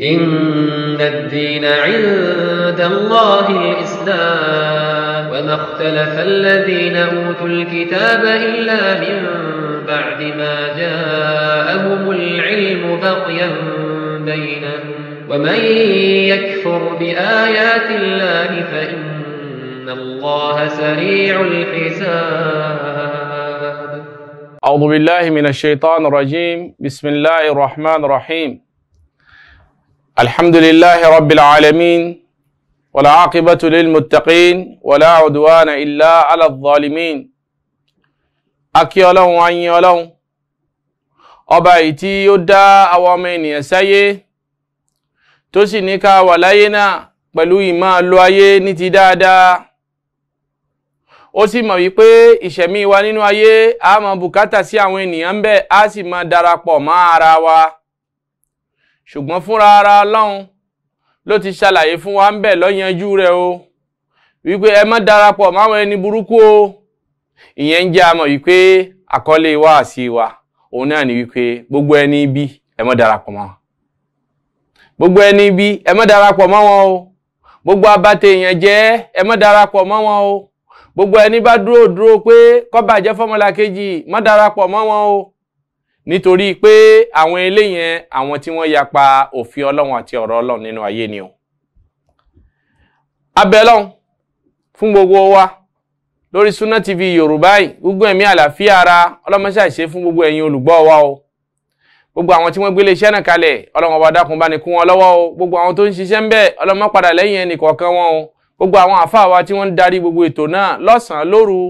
إن الدين عند الله الإسلام وما اختلف الذين أوتوا الكتاب إلا من بعد ما جاءهم العلم بقيا بينهم ومن يكفر بآيات الله فإن الله سريع الحساب أعوذ بالله من الشيطان الرجيم بسم الله الرحمن الرحيم الحمد لله رب العالمين والعاقبة للمتقين ولا عدوان إلا على الظالمين akí ọlọ́run ayin ọlọ́run ọba èyí tí ó dá àwọn ọmọ ènìyàn sáyé tó sì ní ká wà láyé náà pẹ̀lú ìmọ̀ lo ayé ní ti dáadáa ó sì mọ̀ wípé ìṣẹ̀mí wa nínú ayé a máa bùkátà sí àwọn ènìyàn ń bẹ a sì máa darapọ̀ mọ́ ara wa. ṣùgbọ́n fúnra ara ọlọ́run ló ti ṣàlàyé fún wa ń bẹ̀ lọ́yanjú rẹ̀ o wípé ẹ má darapọ̀ máwọn ẹni burúkú o ìyẹn ń jẹ́ àmọ̀ wípé àkọlé wa àsì wa òun náà ni wípé gbogbo ẹni ibi ẹ má darapọ̀ mọ́ gbogbo ẹni ibi ẹ má darapọ̀ mọ́ wọn o gbogbo abate èèyàn jẹ́ ẹ má darapọ̀ mọ́ wọn o gbogbo ẹni bá dúró dúró pé kó bàjẹ́ kejì má darapọ̀ mọ́ wọn o nítorí pé àwọn eléyẹn àwọn tí wọ́n yapa òfin ọlọ́run àti ọ̀rọ̀ ọlọ́run nínú ayé ni o abẹ́lọ́hún fún gbogbo wa lórí Sunna TV Yorùbá yìí gbogbo ẹ̀mí àlàáfíà ara ọlọ́mọṣẹ́ àṣẹ fún gbogbo ẹ̀yin olùgbọ́ wa o gbogbo àwọn tí wọ́n gbélé iṣẹ́ náà kalẹ̀ ọlọ́run ọba dákun bá ní kún wọn lọ́wọ́ o gbogbo àwọn tó ń ṣiṣẹ́ ń bẹ̀ ọlọ́mọ padà lẹ́yìn ẹnì kọ̀ọ̀kan wọn o gbogbo àwọn àfáà tí wọ́n ń darí gbogbo ètò náà lọ́sàn lóru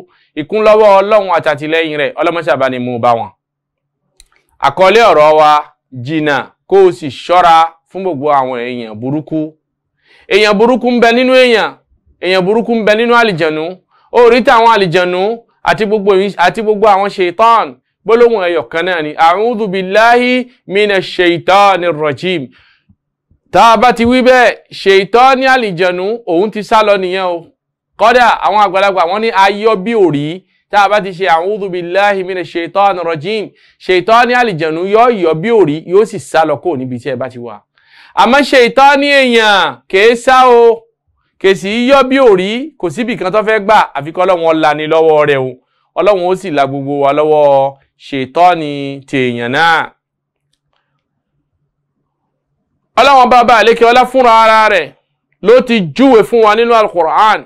ìkúnlọ́wọ́ ọlọ́run àtàtìlẹ́yìn rẹ̀ ọlọ́mọṣẹ́ àbánimú bá wọn àkọlé ọ̀rọ̀ wa jìnnà kó o sì ṣọ́ra fún gbogbo àwọn èèyàn burúkú èèyàn burúkú ń bẹ nínú èèyàn èèyàn burúkú ń bẹ nínú àlìjẹ̀nú orí táwọn àlìjẹ̀nú àti gbogbo àwọn ṣètán gbólóhùn ẹyọ kan náà ni a'udhu billahi minash shaitanir rajim tá a bá ti wí bẹ́ẹ̀ ṣètán ní àlìjẹ̀nú òun ti sá lọ nìyẹn o kọ́dà àwọn àgbàlagbà wọ́n ní ayọ̀ bí òrí tá a bá ti ṣe a'udhu billahi minash shaitani rajim ṣètọ́ni àlìjẹ̀nu yóò yọ bí òrí yóò sì sá lọ kó níbi tí ẹ bá ti wà. àmọ́ ṣètọ́ni èèyàn kèé sá o kèé sì yọ bí òrí kò síbi kan tó fẹ́ gbà àfikọ́ ọlọ́run ọ̀la ni lọ́wọ́ rẹ̀ o ọlọ́run ó sì la gbogbo wa lọ́wọ́ ṣètọ́ni tèèyàn náà. ọlọ́run bá bá àlékè ọlá fúnra ara rẹ̀ ló ti júwe fún wa nínú alukur'an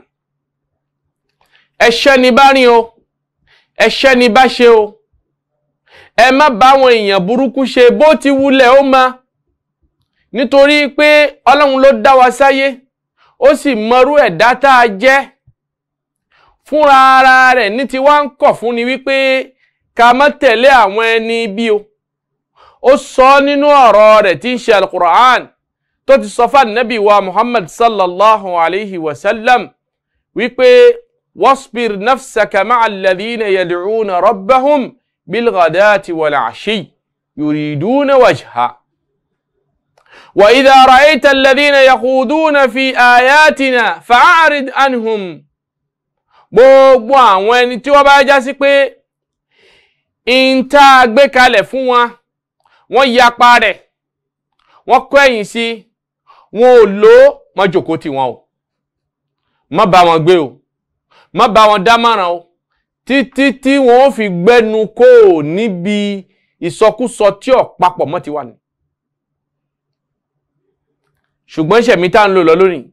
ẹ̀ṣẹ̀ ni bá rìn o ẹ̀ṣẹ̀ ni bá ṣe o ẹ má báwọn èèyàn burúkú ṣe bó ti wulẹ̀ ó ma nítorí pé ọlọ́run ló dá wa sáyé ó sì mọrú ẹ̀dá tá a jẹ́ fúnra ara rẹ̀ ní ti wá ń kọ̀ fún ni wípé ká má tẹ̀lé àwọn ẹni bí o ó sọ nínú ọ̀rọ̀ rẹ̀ tí ń ṣe alukur'an tó ti sọ fún anabi wa muhammad sallallahu alayhi wa sallam wípé واصبر نفسك مع الذين يدعون ربهم بالغداة والعشي يريدون وجهه وإذا رأيت الذين يخوضون في آياتنا فأعرض عنهم gbogbo àwọn ẹni tí wọ́n bá já sí pé ìta gbé kalẹ̀ fún wọn wọ́n yapa rẹ̀ wọ́n kọ́ ẹ̀yìn sí wọn ò lò mọ́ jòkó tiwọn o má bá wọn gbé o má bá wọn dámọ̀ràn o títí tí wọn ò fi gbẹnu kó o níbi ìsọkúsọ tí ò papọ̀ mọ́ ti wà ní. ṣùgbọ́n ìṣẹ̀mí tá à ń lò lọ lónìí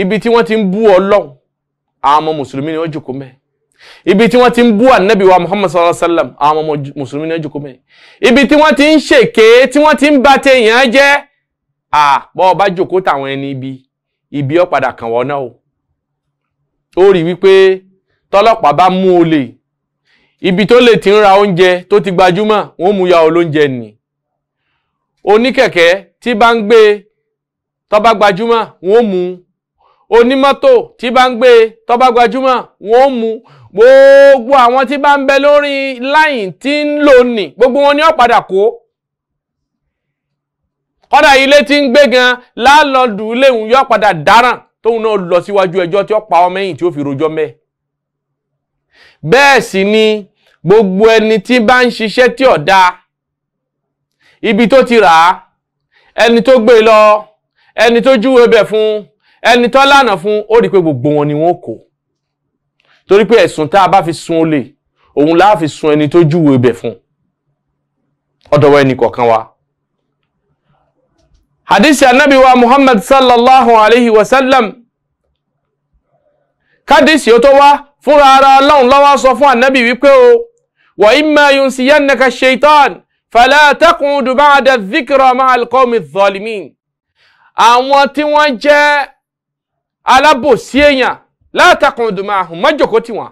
ibi tí wọ́n ti ń bú ọlọ́run àwọn ọmọ mùsùlùmí ni wọ́n jòkó mẹ́ẹ̀ ibi tí wọ́n ti ń bú ànábì wa muhammad sallallahu alaihi wa sallam àwọn ọmọ mùsùlùmí ni wọ́n jòkó mẹ́ẹ̀ ibi tí wọ́n ti ń ṣèké tí wọ́n ti ń ba tèèyàn jẹ́ àbọ̀ ọba jòkó táwọn ẹni ibi ibi ó padà kàn wọ́n náà o ó rí wípé tọ́lọ́pàá bá mú olè ibi tó lè ti ń ra oúnjẹ tó ti gbajúmọ̀ wọ́n mú ya olóúnjẹ nì oníkẹ̀kẹ́ tí bá ń gbé tó bá gbajúmọ̀ wọ́n mú onímọ́tò tí bá ń gbé tó bá gbajúmọ̀ wọ́n mú gbogbo àwọn tí bá ń bẹ lórí láyìn tí ń lò nì gbogbo wọn ni ó padà kó kódà ilé tí ń gbé gan láàlọ́ọ̀dù ilé òun yóò padà dáràn tóun náà lọ síwájú ẹjọ́ tí ó pa ọmọ ẹ̀yìn tí ó fi rojọ́ mẹ́. bẹ́ẹ̀ sì ni gbogbo ẹni tí bá ń ṣiṣẹ́ tí ò dáa ibi tó ti rà á ẹni tó gbé e lọ ẹni tó júwe bẹ̀ fún ẹni tó lànà fún ó rí i pé gbogbo wọn ni wọn kò torí pé ẹ̀sùn tá a bá fi sun olè òun láà sun ẹni tó júwe bẹ̀ fún ọ̀dọ̀wọ́ ẹnì kọ̀ọ̀kan wa hadisi anabi wa muhammad sallallahu alayhi wa sallam kádìsì ó tó wá fúnra ara ọlọ́run lọ́wọ́ sọ fún anabi wípé o wa imma yunsiyannaka shaitan fala taqud ba'da dhikra ma'al qawmi dhalimin àwọn tí wọ́n jẹ́ alábòsí èèyàn la taqud ma'ahum má jókòó tì wọ́n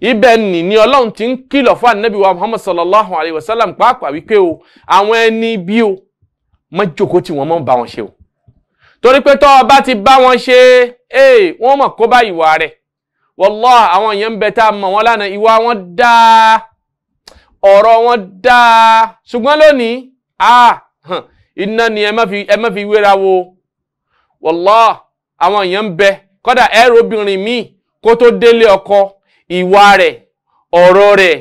ibẹ̀ nì ni ọlọ́run ti ń kìlọ̀ fún anabi wa muhammad sallallahu alayhi wa sallam pàápàá wípé o àwọn ẹni bí o má jókòó tí wọ́n má bá wọn ṣe o torí pé tọ́ ọ bá ti bá wọn ṣe ee eh, wọ́n mọ̀ kó bá ìwà rẹ̀ wallahi àwọn èèyàn ń bẹ tá a mọ̀ wọ́n lánàá ìwà wọn dáa ọ̀rọ̀ wọn dáa ṣùgbọ́n lónìí a ah, iná ni ẹ má fi wéra wo wallahi àwọn èèyàn ń bẹ kódà ẹ̀rọ obìnrin kó tó délé ọkọ ìwà rẹ̀ ọ̀rọ̀ rẹ̀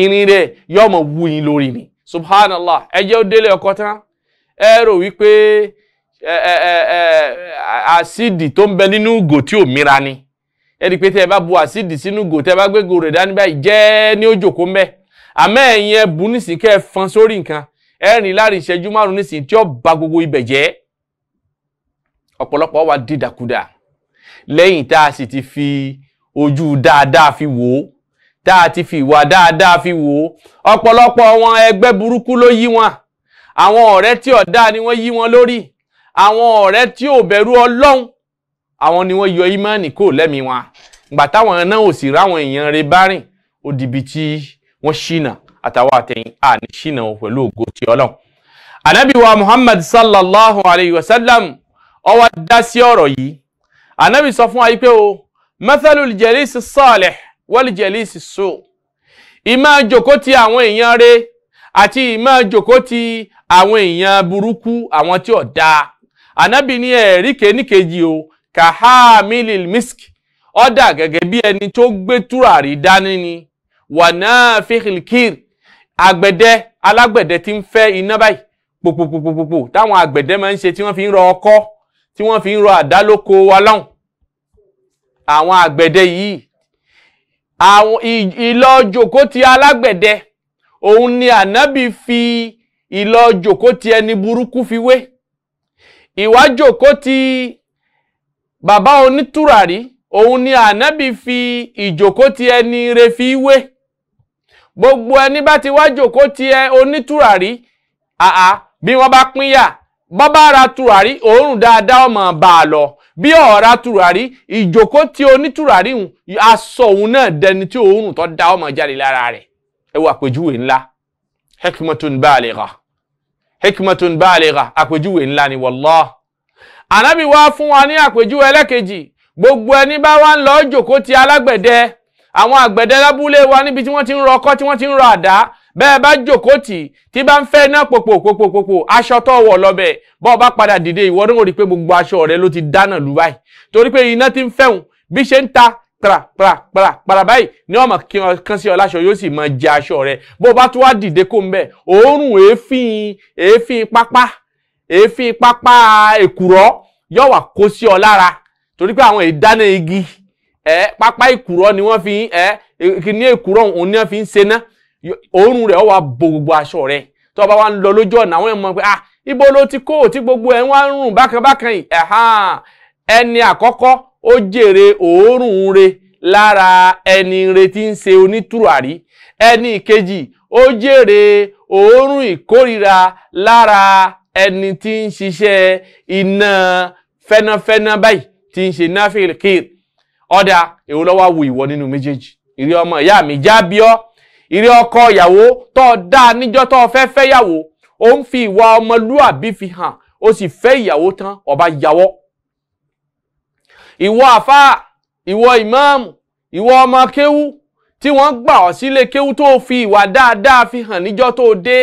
ìrìn rẹ̀ yọmọ wú lórí ni subhanallah ẹ jẹ́ ó délé ọkọ tán ẹ rò wípé àsídì tó ń bẹ nínú gò tí ò mira ni ẹ rí i pé tẹ ẹ bá bu àsídì sínú gò tẹ ẹ bá gbé gò rẹ̀ dání báyìí jẹ́ ní òjòkó ń bẹ àmọ́ ẹ̀yin ẹ bu nísìnyí fọn sórí nǹkan ẹ láàrin ìṣẹ́jú márùn nísìnyí tí ó ba gbogbo ibẹ̀ jẹ́ ọ̀pọ̀lọpọ̀ wa dídàkudà lẹ́yìn tá a sì ti fi ojú dáadáa fi wò ó tá a ti fi ìwà dáadáa fi wò ó ọ̀pọ̀lọpọ̀ wọn ẹgbẹ́ burúkú ló yí wọn àwọn ọ̀rẹ́ tí ọ̀dá ni wọ́n yí wọn lórí àwọn ọ̀rẹ́ tí ò bẹ̀rù ọlọ́run àwọn ni wọ́n yọ ìmánì kò lẹ́mìí wọn ìgbà táwọn náà ò sì ráwọn èèyàn rẹ̀ bá rìn ó tí wọ́n ṣìnà àtàwọn àtẹ̀yìn àní ṣìnà pẹ̀lú ògo ti ọlọ́run. ànábì wa sallallahu alayhi wa sallam ó dá sí ọ̀rọ̀ yìí ànábì sọ fún wa pé o mathalul jalisi salih wal jalisi su ìmáa jókòó ti àwọn èèyàn rẹ̀ àti ìmọ̀ jòkó ti àwọn èèyàn burúkú àwọn tí ò dáa ànábì ní ẹ̀rí kéníkejì o kahamilil misk ọ̀dà gẹ́gẹ́ bí ẹni tó gbé túràrí dání ni wàná fihilkir àgbẹ̀dẹ alágbẹ̀dẹ tí ń fẹ́ iná báyìí pòpòpòpòpò táwọn àgbẹ̀dẹ máa ń ṣe tí wọ́n fi ń rọ ọkọ́ tí wọ́n fi ń rọ àdá lóko wa lọ́hùn àwọn àgbẹ̀dẹ yìí àwọn ìlọ jòkó ti alágbẹ̀dẹ òun ni ànábì fi ìlọ jòkó ti ẹni burúkú fi wé ìwá jòkó ti bàbá onítùràrí òun ni ànábì fi ìjòkó ti ẹni re fi wé gbogbo ẹni bá ti wá jòkó ti ẹ onítùràrí àá bí wọ́n bá pínyà bàbá ra tùràrí òórùn dáadáa ọmọ bá a lọ bí ọ̀ra tùràrí ìjòkó ti onítùràrí aṣọ òun náà dẹni tí òórùn tó dá ọmọ jáde lára rẹ̀ ẹ wo àpèjúwe ńlá hekmatun baligha hekmatun baligha àpèjúwe ńlá ni wallah ànábì wá fún wa ní àpèjúwe ẹlẹ́kejì gbogbo ẹni bá wá ń lọ jòkó ti alágbẹ̀dẹ àwọn àgbẹ̀dẹ lábúlé wa níbi tí wọ́n ti ń rọ ọkọ́ tí wọ́n ti ń rọ àdá bẹ́ẹ̀ bá jòkó tì tí bá ń fẹ́ náà pòpò pòpò pòpò aṣọ tó wọ̀ lọ́bẹ̀ bọ́ọ̀ bá padà dìde ìwọ náà rí pé gbogbo aṣọ rẹ ló ti dáná lù torí pé iná ti ń fẹ́hùn bí ṣe ń ta pra pra pra para báyìí ní ọmọ kan sí ọ láṣọ yóò sì máa jẹ aṣọ rẹ bó bá tún wá dìde kó ń bẹ òórùn èéfín èéfín pápá èéfín pápá èkùrọ́ yóò wà kó sí ọ lára torí pé àwọn ìdáná igi ẹ pápá èkùrọ́ ni wọ́n fi ẹ ní èkùrọ́ òun ni wọ́n fi ń sena ná òórùn rẹ̀ ó wà bo gbogbo aṣọ rẹ tó bá wá ń lọ lójú ọ̀nà àwọn ẹ̀mọ́ pé ah ibo ló ti kó òtí gbogbo ẹ̀ ń wá ń rùn bákan bákan yìí ẹni àkọ́kọ́ ó jèrè òórùn re lára ẹni re tí ń ṣe onítùràrí ẹni kejì ó jèrè òórùn ìkórira lára ẹni tí ń ṣiṣẹ́ iná fẹ́nàfẹ́nà báyìí tí ń ṣe náfìl kir ọ̀dà èwo ló wá wù ìwọ nínú méjèèjì ìrí ọmọ ìyá mi já ìrí ọkọ ìyàwó tó dáa níjọ́ tó fẹ́ fẹ́yàwó ó ń fi ìwà ọmọlúàbí fi hàn ó sì fẹ́ ìyàwó tán ọba yàwọ́ ìwọ àfáà ìwọ ìmáàmù ìwọ ọmọ kéwú tí wọ́n gbà ọ́ sílé kéwú tó fi ìwà dáadáa fi hàn níjọ́ tó dé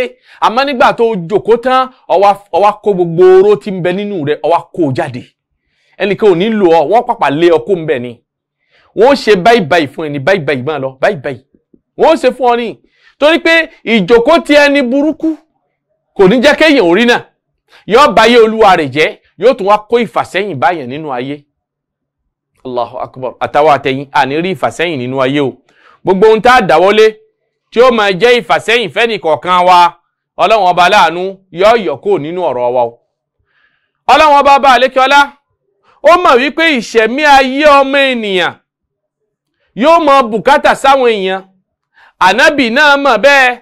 àmọ́ nígbà tó jókòó tán ó wá kó gbogbo oró tí ń bẹ nínú rẹ̀ ó wá kó o jáde ẹnìkan ò ní lò ọ wọ́n pàpà lé ọ kó ń bẹ̀ ni wọ́n ṣe báyìí báyìí fún ẹni báyìí báyìí máa lọ báyìí báyìí wọ́n ṣe fún ọ ní torí pé ìjókòó ti ẹni burúkú kò ní jẹ́ kéèyàn orí náà yóò báyé olúwa rẹ̀ jẹ́ yóò tún wá kó ìfàsẹ́yìn báyàn nínú ayé allahu akbar àtàwọn àtẹ̀yìn àní rí ìfàsẹ́yìn nínú ayé o gbogbo ohun tá a dáwọ́lé tí ó máa jẹ́ ìfàsẹ́yìn fẹ́nì kọ̀ọ̀kan wa ọlọ́run ọba aláàánú yọ ìyọ̀kó nínú ọ̀rọ̀ wa o ọlọ́run ọba bá alékiọlá ó mọ̀ wípé ìṣẹ̀mí ayé ọmọ ènìyàn yóò mọ bùkátà sáwọn èèyàn ànábì náà mọ̀ bẹ́ẹ̀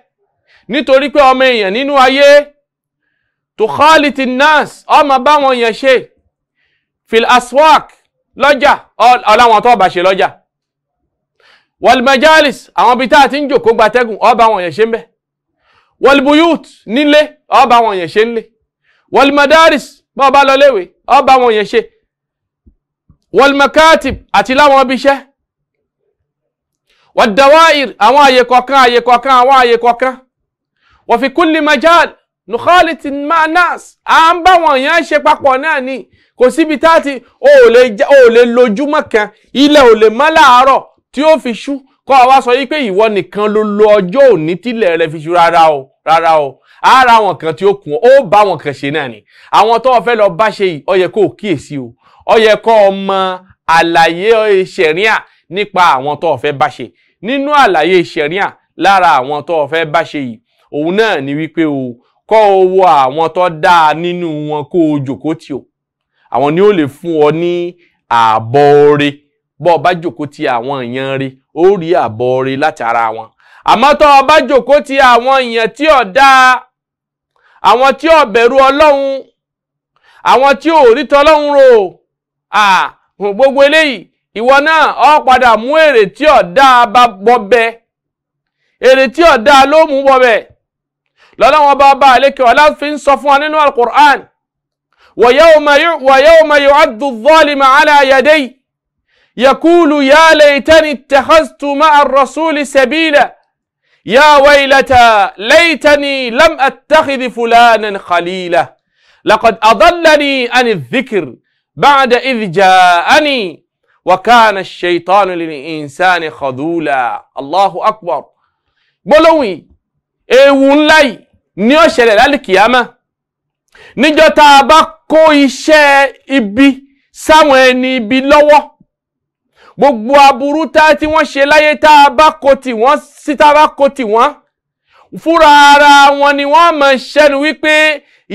nítorí pé ọmọ èèyàn nínú ayé tó khaliti nas ọmọ báwọn yẹn ṣe fil aswak lọ́jà ọ̀làwọn tó bá ṣe lọ́jà wàlmajalis àwọn ibi tá a ti ń jòkó gbatẹ́gùn ọba àwọn yẹn ṣe ń bẹ̀ wàlbuyut nílé ọba àwọn yẹn ṣe ń lé wàlmadaris bá ọba lọ léwe ọba àwọn yẹn ṣe wàlmakatib àti láwọn ibi iṣẹ́ wàdáwáìr àwọn àyè kọ̀ọ̀kan àyè kọ̀ọ̀kan àwọn àyè kọ̀ọ̀kan wàfikúnlé majal à ń bá àwọn yẹn ṣe papọ̀ náà ni kò síbi tá a ti o ò lè já o ò lè lójúmọ́ kan ilẹ̀ ò lè mọ́ láàárọ̀ tí ó fi ṣú kọ́ ọ wá sọ yí pé ìwọ nìkan ló lo ọjọ́ òní tílẹ̀ rẹ fi ṣú rárá o rárá o ara wọn kan tí ó kún ó bá wọn kan ṣe náà ni àwọn tó o fẹ́ lọ bá ṣe yìí ó kó o kíyèsí o ó yẹ kó o mọ àlàyé ṣẹ̀ríà nípa àwọn tó o fẹ́ bá ṣe nínú àlàyé ṣẹ̀ríà lára àwọn tó o fẹ́ bá ṣe yìí òun náà ni wípé o kọ́ o wo àwọn tó dáa nínú wọn kó o jòkó tì o àwọn ni ó lè fún ọ ní ààbọ̀ oore bọ́ ọ bá jòkó ti àwọn èèyàn rẹ ó rí ààbọ̀ oore láti ara wọn àmọ́ tó o bá jòkó ti àwọn èèyàn tí ò dáa àwọn tí ò bẹ̀rù ọlọ́run àwọn tí ò rí tọlọ́run rò gbogbo eléyìí ìwọ náà ọ padà mú èrè tí ò dáa bá bọbẹ èrè tí ò dáa ló mú bọbẹ lọ́lọ́wọ́n bá bá àlékè ọ̀la fi ń sọ fún wa nínú alukur'an ويوم ويوم يعد الظالم على يدي يقول يا ليتني اتخذت مع الرسول سبيلا يا ويلتى ليتني لم اتخذ فلانا خليلا لقد اضلني عن الذكر بعد اذ جاءني وكان الشيطان للانسان خذولا الله اكبر بلوي ايه ونلاي نيوشل القيامه níjọ́ tá a bá kó iṣẹ́ ibi sáwọn ẹni ibi lọ́wọ́ gbogbo aburú tá tí wọ́n ṣe láyé tá a bá kó tì wọ́n sí tá a bá kó tì wọ́n fúnra ara wọn ni wọ́n máa ṣẹ́nu wípé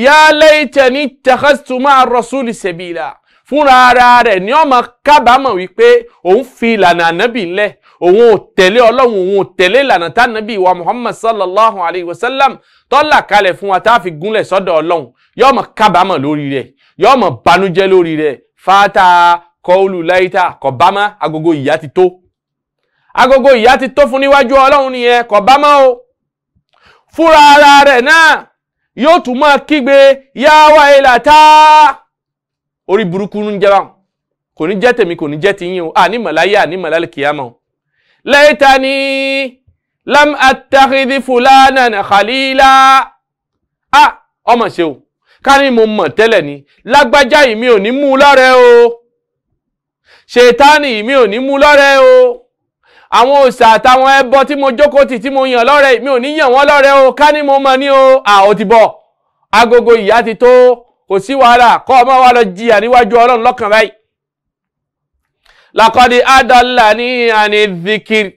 ya laytani ittakhadhtu ma'a rasuli sabila fúnra ara rẹ̀ ni ó máa kábàámọ̀ wípé òun fi ìlànà ànábì ńlẹ̀ òun ò tẹ̀lé ọlọ́run òun ò tẹ̀lé ìlànà tánàbí wa muhammad sallallahu alayhi wa sallam tọ́là kalẹ̀ fún wa tá a fi gúnlẹ̀ sọ́dọ̀ ọlọ́run yóò máa kábàámọ̀ lórí rẹ̀ yóò máa banújẹ́ lórí rẹ̀ fata kọ́ọ̀lù láyítà kọ̀bámá agogo ìyá ti tó agogo ìyá ti tó fún níwájú ọlọ́run nìyẹn kọ̀bámá o fúnra ara rẹ̀ náà yóò tún máa kígbe yáwá ilà táá orí burúkú ń jẹ́ báwọn kò ní jẹ́ tèmi kò ní jẹ́ tiyín o àní màláyé àní màlálẹ̀ o laitani lam attakhidhi fulanan khalila a ọmọ ṣe o kárí mo mọ̀ tẹ́lẹ̀ ni lágbájá yìí mi ò ní mú lọ́rẹ̀ o ṣètánì yìí mi ò ní mú lọ́rẹ̀ o àwọn òòṣà àtàwọn ẹbọ tí mo jókòó tì tí mo yàn lọ́rẹ̀ mi ò ní yàn wọ́n lọ́rẹ̀ o ká ní mo mọ̀ ní o à ó ti bọ̀ agogo ìyá ti tó kò sí wàhálà kọ́ ọ wa lọ jìyà níwájú ọlọ́run lọ́kàn báyìí lakọ́dí adọ́là ní àní zikiri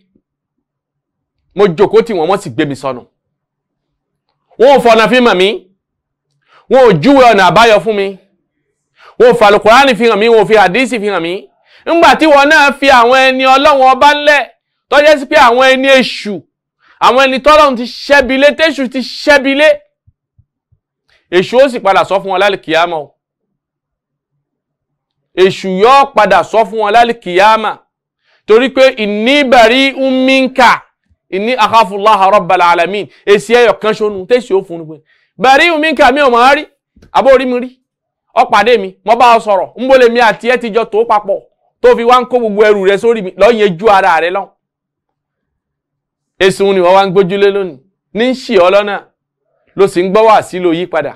mo jòkó tí wọ́n wọ́n sì gbé mi sọnù wọn ò fọ̀nà fi mọ̀ mí wọn ò júwe ọ̀nà àbáyọ fún mi wọn ò fàlùkùránì fi hàn mí wọn ò fi àdísì fi hàn mí ńgbà tí wọn náà fi àwọn ẹni ọlọ́wọ́n ọba ńlẹ̀ tọ́jẹ́ sí pé àwọn ẹni èṣù àwọn ẹni tọ́lọ́run ti ṣẹ́bilé téṣù ti ṣẹ́bilé èṣù ó sì padà sọ fún wọn lálẹ́ kìámọ́ o èṣù yóò padà sọ fún wọn lálìkìyàmà torí pé inni bari'un minka inni akhafullaha rabbal alamin èsì ẹyọ kan ṣonu tẹsí ó fún pé bari'un minka mi ò máa rí àbórí mi rí ọ̀pàdé mi mo bá ọ sọ̀rọ̀ ń bọ́lẹ̀ mi àti ẹ ti jọ tó papọ̀ tó fi wá ń kó gbogbo ẹrù rẹ sórí mi lọ́ọ́ yẹn ara rẹ lọ́hùn. èsì òun ni wọ́n wá ń gbójúlé lónìí ní ń ṣì lọ́nà ló sì ń gbọ́ wá sí lò yí padà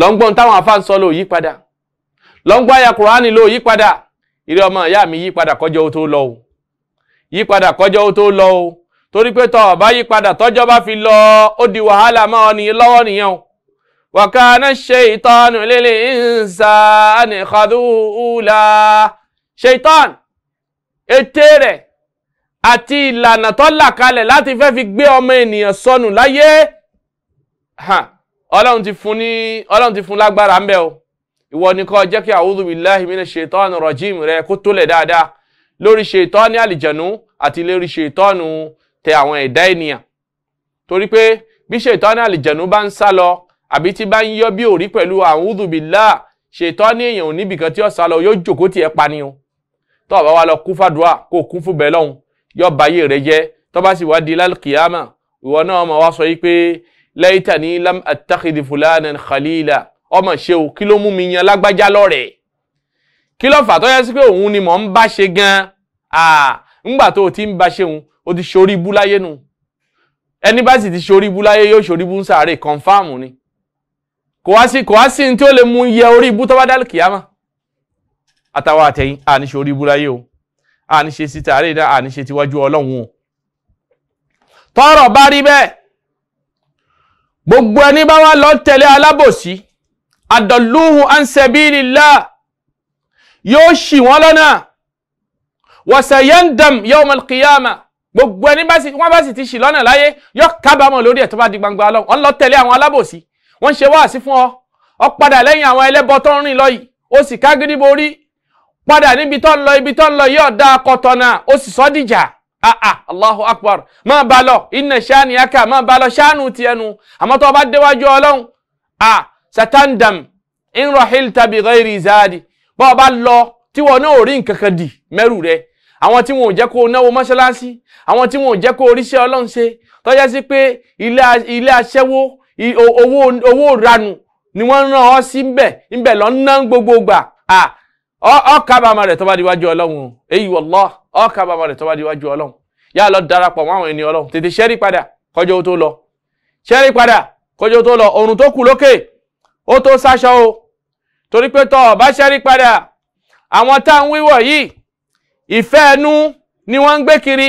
lọ́ngbọ́n táwọn lò yí padà lọ́ngbọ́n àyà kùránì ló yípadà ìrẹ́ ọmọ ìyá mi yípadà kọjọ́ ó tó lọ o yípadà kọjọ́ ó tó lọ o torí pé tọ́ ọ̀bá yípadà tọ́jọ́ bá fi lọ ó di wàhálà mọ́ ọ nìyẹn lọ́wọ́ nìyẹn o wa kana shaytanu lil insani khadula shaytan ète rẹ̀ àti ìlànà tó là kalẹ̀ láti fẹ́ fi gbé ọmọ ènìyàn sọnù láyé ọlọ́run ti fún lágbára ń bẹ o ìwọ ni kó jẹ́ kí a'udhu billahi minash shaitani rajim rẹ kó tólẹ̀ dáadáa lórí ṣètọ́ni àlìjẹ̀nú àti lórí ṣètọ́nu tẹ àwọn ẹ̀dá ènìyàn torí pé bí ṣètọ́ni àlìjẹ̀nú bá ń sá lọ àbí tí bá ń yọ bí òrí pẹ̀lú a'udhu billahi ṣètọ́ni èèyàn ò níbìkan tí ó sá lọ yóò jòkó tiẹ̀ pani o tó o bá wa lọ kún fàdúrà kó o kún fún bẹ́ẹ̀ lọ́hùn yóò ba rẹ jẹ́ tó bá sì wá di lálùkìyàmà ìwọ náà máa wá sọ yìí pé laitani lam attakhidh fulanan khalila ọmọ ṣe o kí ló mú mi yan lágbájá lọ́rẹ̀ẹ́ kí ló fà tó yẹ sí pé òun ni mò ń bá ṣe gan-an ńgbà tó o ti ń bá ṣe òun o ti ṣorí ibú láyé nu ẹni bá sì ti ṣorí ibú láyé yóò ṣorí ibú ń sàárè kọ̀ǹfàmù ni kò wá sí kò wá sí ní tí ó lè mú yẹ orí ibú tó bá dá kìámà àtàwọn àtẹ̀yìn àní ṣorí ibú láyé o àní ṣe sí tàárè náà àní ṣe tiwájú ọlọ́run o tọ́rọ̀ bá rí bẹ́ẹ̀ gbogbo ẹni bá wá lọ tẹ̀lé alábòsí adalluhu an sabilillah yóò ṣì wọ́n lọ́nà wa sayandam yawm al-qiyama gbogbo ẹni wọ́n bá sì ti ṣì lọ́nà láyé yóò kábàámọ̀ lórí ẹ̀ tó bá di gbangba lọ wọ́n lọ tẹ̀lé àwọn alábòsí wọ́n ṣe wáàsí fún ọ ọ padà lẹ́yìn àwọn ẹlẹ́bọ tó ń rìn lọ yìí ó sì kágídí borí padà níbi tó ń lọ ibi tó ń lọ yóò dá akọtọ̀nà ó sì sọ́ dìjà àà allahu akbar máa bá lọ inna shani'aka máa bá lọ ṣáànù tiẹnu àmọ́ tó o bá déwájú ọlọ́run à satandam in rahilta bi ghairi zadi bọ́ ọ bá lọ tí wọn náà rí nǹkan kan dì mẹ́rù rẹ àwọn tí wọn ò jẹ́ kó o náwó mọ́ṣáláṣí àwọn tí wọn ò jẹ́ kó o ríṣẹ́ ọlọ́run ṣe tọ́já sí pé ilé aṣẹ́wó owó ranù ni wọ́n rán ọ sí ńbẹ̀ ńbẹ̀ lọ ná gbogbo gbà ọ kábàámọ̀ rẹ̀ tó bá di wájú ọlọ́run èyí wọ̀lọ́ ọ kábàámọ̀ rẹ̀ tó bá ọlọ́run yá lọ darapọ̀ mọ́ àwọn ènìyàn ọlọ́run tètè ṣẹ́rí padà kọjọ́ tó lọ ṣẹ́rí padà kọjọ́ tó lọ oòrùn tó kù lókè ó tó sáṣọ o torí pé tọ́ ọ̀bá ṣẹ́rí padà àwọn tá à ń wíwọ̀ yìí ìfẹ́ ẹnu ni wọ́n ń gbé kiri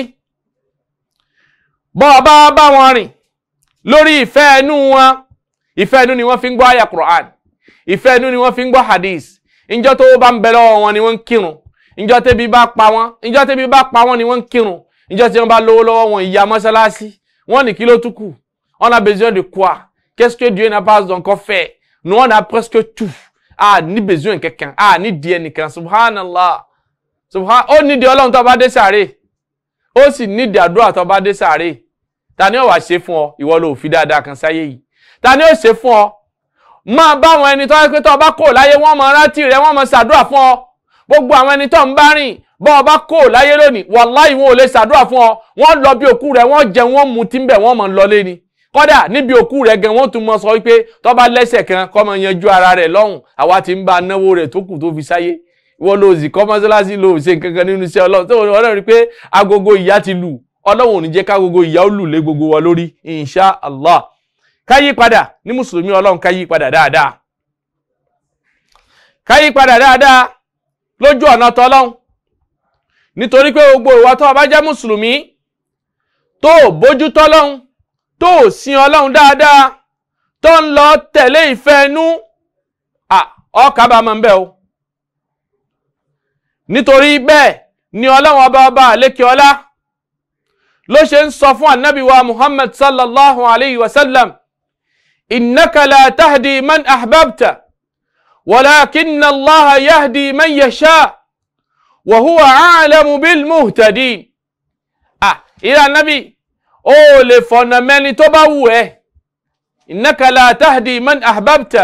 bọ́ ọba bá wọn rìn lórí ìfẹ́ ẹnu wọn ìfẹ́ ẹnu ni wọ́n fi ń gbọ́ àyà Qur'an ìfẹ́ ẹnu ni wọ́n fi ń gbọ́ hadith ìjọ́ tó bá ń bẹ lọ́wọ́ wọn ni wọ́n ń kírun ìjọ́ tẹ́bi bá pa wọn ìjọ́ tẹ́bi bá pa wọn ni wọ́n ń kírun ìjọ́ tí wọ́n bá lówó lọ́wọ́ wọn ìyá mọ́ṣáláṣí wọ́n ní kí ló tún kù on a besoin de quoi qu'est-ce que Dieu n'a pas encore fait Nous on a presque tout. Ah, ni besoin kankan a ní ni nìkan subhanallah subhan ó oh, ní di ọlọ́run tó bá dé sáré ó oh, sì ní di àdúrà tó bá dé sáré ta ni ó wàá ṣe fún ọ ìwọ ló fi dáadáa kan sáyé yìí ta ni ó ṣe fún ọ máa bá àwọn ẹni tó wáyé pé tó bá kò láyé wọ́n máa rántí rẹ wọ́n máa ṣàdúrà fún ọ gbogbo àwọn ẹni tó ń bá rìn bọ́ ọ bá kò láyé lónìí wàláì wọn ò lè ṣàdúrà fún ọ wọ́n lọ bí òkú rẹ wọ́n jẹun wọ́n mu tí ń bẹ̀ wọ́n máa ni kódà níbi òkú rẹ̀ gan wọ́n tún mọ sọ wípé tó bá lẹ́sẹ̀ kan yanjú ara rẹ̀ lọ́hùn àwa ti ń bá náwó rẹ̀ tó kù tó fi sáyé wọ́n lò sí kọ́mọ́sálásí lò nínú iṣẹ́ ọlọ́run tó agogo ìyá ti lù ò ní ó lù lé gbogbo wa lórí insha allah ní mùsùlùmí tó ò sin ọlọ́run dáadáa tó ń lọ tẹ̀lé ìfẹ́ inú ọkà bá máa ń bẹ̀ o. nítorí bẹ́ẹ̀ ni ọlọ́run ọba ọba àlékè ọlá ló ṣe ń sọ fún ànábì wa muhammad sallallahu alayhi wa sallam innaka la tahdi man ahbabta ولكن الله يهدي من يشاء وهو أعلم بالمهتدين آه muhtadin. ah ó lè fọ̀nà mẹ́ni tó bá wù ẹ́ e. innaka la tahdi man ahbabta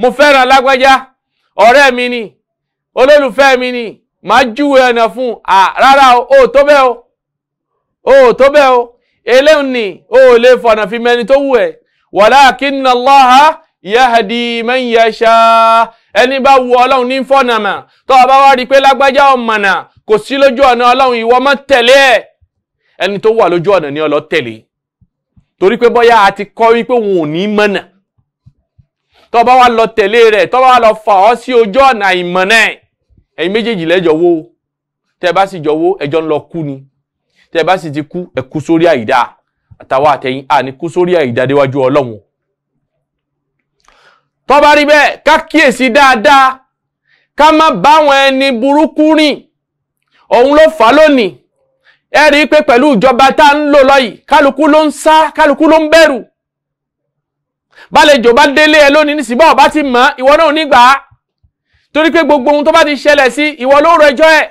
mo fẹ́ràn lágbájá ọ̀rẹ́ mi ni olólùfẹ́ mi ni màá júwe ọ̀nà fún à rárá o ò tó bẹ́ẹ̀ o ò tó bẹ́ẹ̀ o eléyìí ni ó lè fọ̀nà fi mẹ́ni tó wù ẹ́ walakinna Allaha yahdi man yasha ẹni bá wu ọlọ́run ní fọ̀nà mà tó o bá wá rí i pé lágbájá ọ̀mọ̀nà kò sí lójú ọ̀nà ọlọ́run ìwọ má tẹ̀lé ẹ̀ ẹni tó wà lójú ọ̀nà ni ó lọ tẹ̀lé torí pé bóyá a ti kọ́ wípé òun ò ní mọ̀nà tó bá wá lọ tẹ̀lé rẹ̀ tó bá wá lọ fà ọ́ sí ojú ọ̀nà àìmọ̀nà ẹ̀ ẹ̀yin méjèèjì lẹ́jọ́ wó tẹ́ bá sì jọ ẹjọ́ ń lọ kú ni tẹ́ ẹ bá sì ti kú ẹ kú sórí àìdá àtàwọn àtẹ̀yìn àní kú sórí àìdá déwájú ọlọ́run tó rí bẹ́ẹ̀ ká kíyèsí dáadáa ká má báwọn ẹni burúkú rìn òun ló fà lónìí ẹ pe i pé pẹ̀lú ìjọba tá ń lò lọ́yìí kálukú ló ń sá kálukú ló ń bẹ̀rù ọba ti mọ̀ ìwọ náà nígbà á torí pé gbogbo ohun tó bá ti ṣẹlẹ̀ sí ìwọ ló rẹjọ́ ẹ̀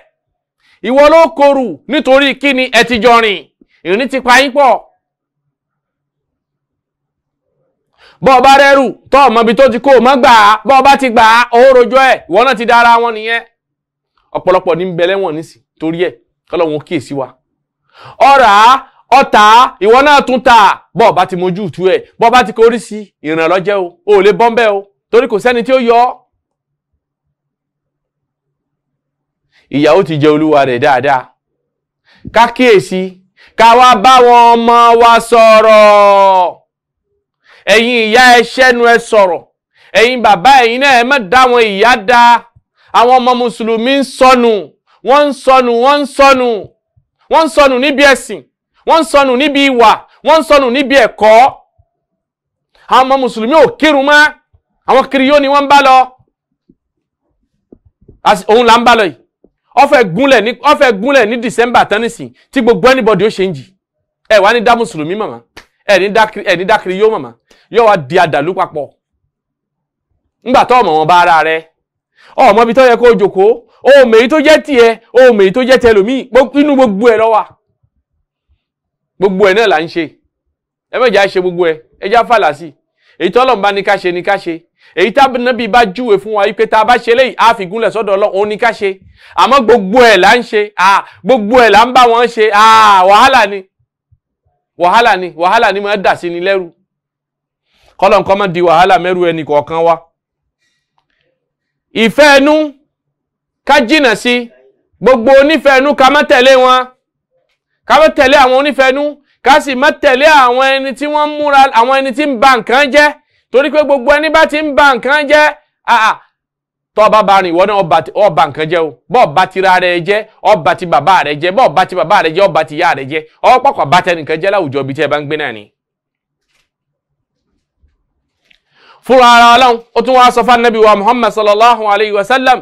ìwọ ló korù nítorí ni ẹ ti ti pa yín pọ̀ bọ́ ọba rẹ́rù tọ́ tó ti kó o mọ́ gbà á wọn nìyẹn ọ̀pọ̀lọpọ̀ ní ọ̀rà ọ̀tà ìwọ náà tún tà bọ́ọ̀ bá ti mojú tu ẹ̀ bọ́ọ̀ bá ti korí sí ìrànlọ́jẹ́ o ò lè bọ́ńbẹ́ o torí kò sẹ́ni tí ó yọ ọ́. ìyàwó ti jẹ olúwa rẹ̀ dáadáa ká kíyèsí ká wá bá wọn ọmọ wa sọ̀rọ̀ ẹ̀yin ìyá ẹ ṣẹ́nu ẹ sọ̀rọ̀ ẹ̀yin bàbá ẹ̀yin náà ẹ má dá wọn ìyá dá àwọn ọmọ mùsùlùmí ń sọnù wọ́n ń sọnù wọ́n ń sọnù wọ́n ń sọnù níbi ẹ̀sìn wọ́n ń sọnù níbi ìwà wọ́n ń sọnù níbi ẹ̀kọ́ àwọn ọmọ mùsùlùmí ò kírun mọ́ àwọn kiri ni wọ́n ń bá lọ òun là ń bá lọ yìí wọ́n fẹ́ gúnlẹ̀ ní wọ́n fẹ́ gúnlẹ̀ ní december tán tí gbogbo anybody ó ṣe ń jì ẹ wá ní dá mùsùlùmí mọ̀mọ́ ẹ ní dá ẹ ní dá kiri yóò mọ̀mọ́ yóò wá di àdàlú papọ̀ ńgbà tó ọmọ wọn bá ara rẹ ọmọ ibi tó yẹ kó jókòó o mèyí tó jẹ́ tiẹ̀ o mèyí tó jẹ́ tẹlòmíì inú gbogbo ẹ̀ lọ́wà gbogbo ẹ̀ náà là ń ṣe ẹ mẹ́jà ṣe gbogbo ẹ̀ ẹ já fàlà sí èyí tí Ọlọ́run bá ní ká ṣe ní ká ṣe èyí tábìnàbí bá júwe fún wa pé tá a bá ṣe léyìí a fi gúnlẹ̀ sọ́dọ̀ Ọlọ́run òun ní ká ṣe àmọ́ gbogbo ẹ̀ là ń ṣe gbogbo ẹ̀ là ń bá wọn ṣe wàhálà ni wàhálà ni wàhálà ni máa dà sí ni lẹ́rù kọ́lọ̀ nǹkan di wàhálà mẹ́rù ẹnì kọ̀ọ̀kan wa ìfẹ́ ẹnu ká jìnà sí gbogbo onífẹ̀ẹ́nú ka má tẹ̀lé wọn ka má tẹ̀lé àwọn onífẹ̀ẹ́nú ka sì má tẹ̀lé àwọn ẹni tí wọ́n múra àwọn ẹni tí ń ba nǹkan jẹ́ torí pé gbogbo ẹni bá ti ń ba nǹkan jẹ́ àà tọ́ ọba bá rìn ìwọ náà ọba nǹkan jẹ́ o bọ́ọ̀ bá ti ra rẹ jẹ́ ọba ti bàbá rẹ jẹ́ bọ́ọ̀ bá ti bàbá rẹ jẹ́ ọba ti ìyá rẹ jẹ́ ọ̀pọ̀pọ̀ bá tẹnìkan jẹ́ láwùjọ ibi tí ẹ bá ń gbé náà ni. fúnra ara ọlọ́run ó tún wá sọ fún anabi wa muhammad sallallahu alayhi wa sallam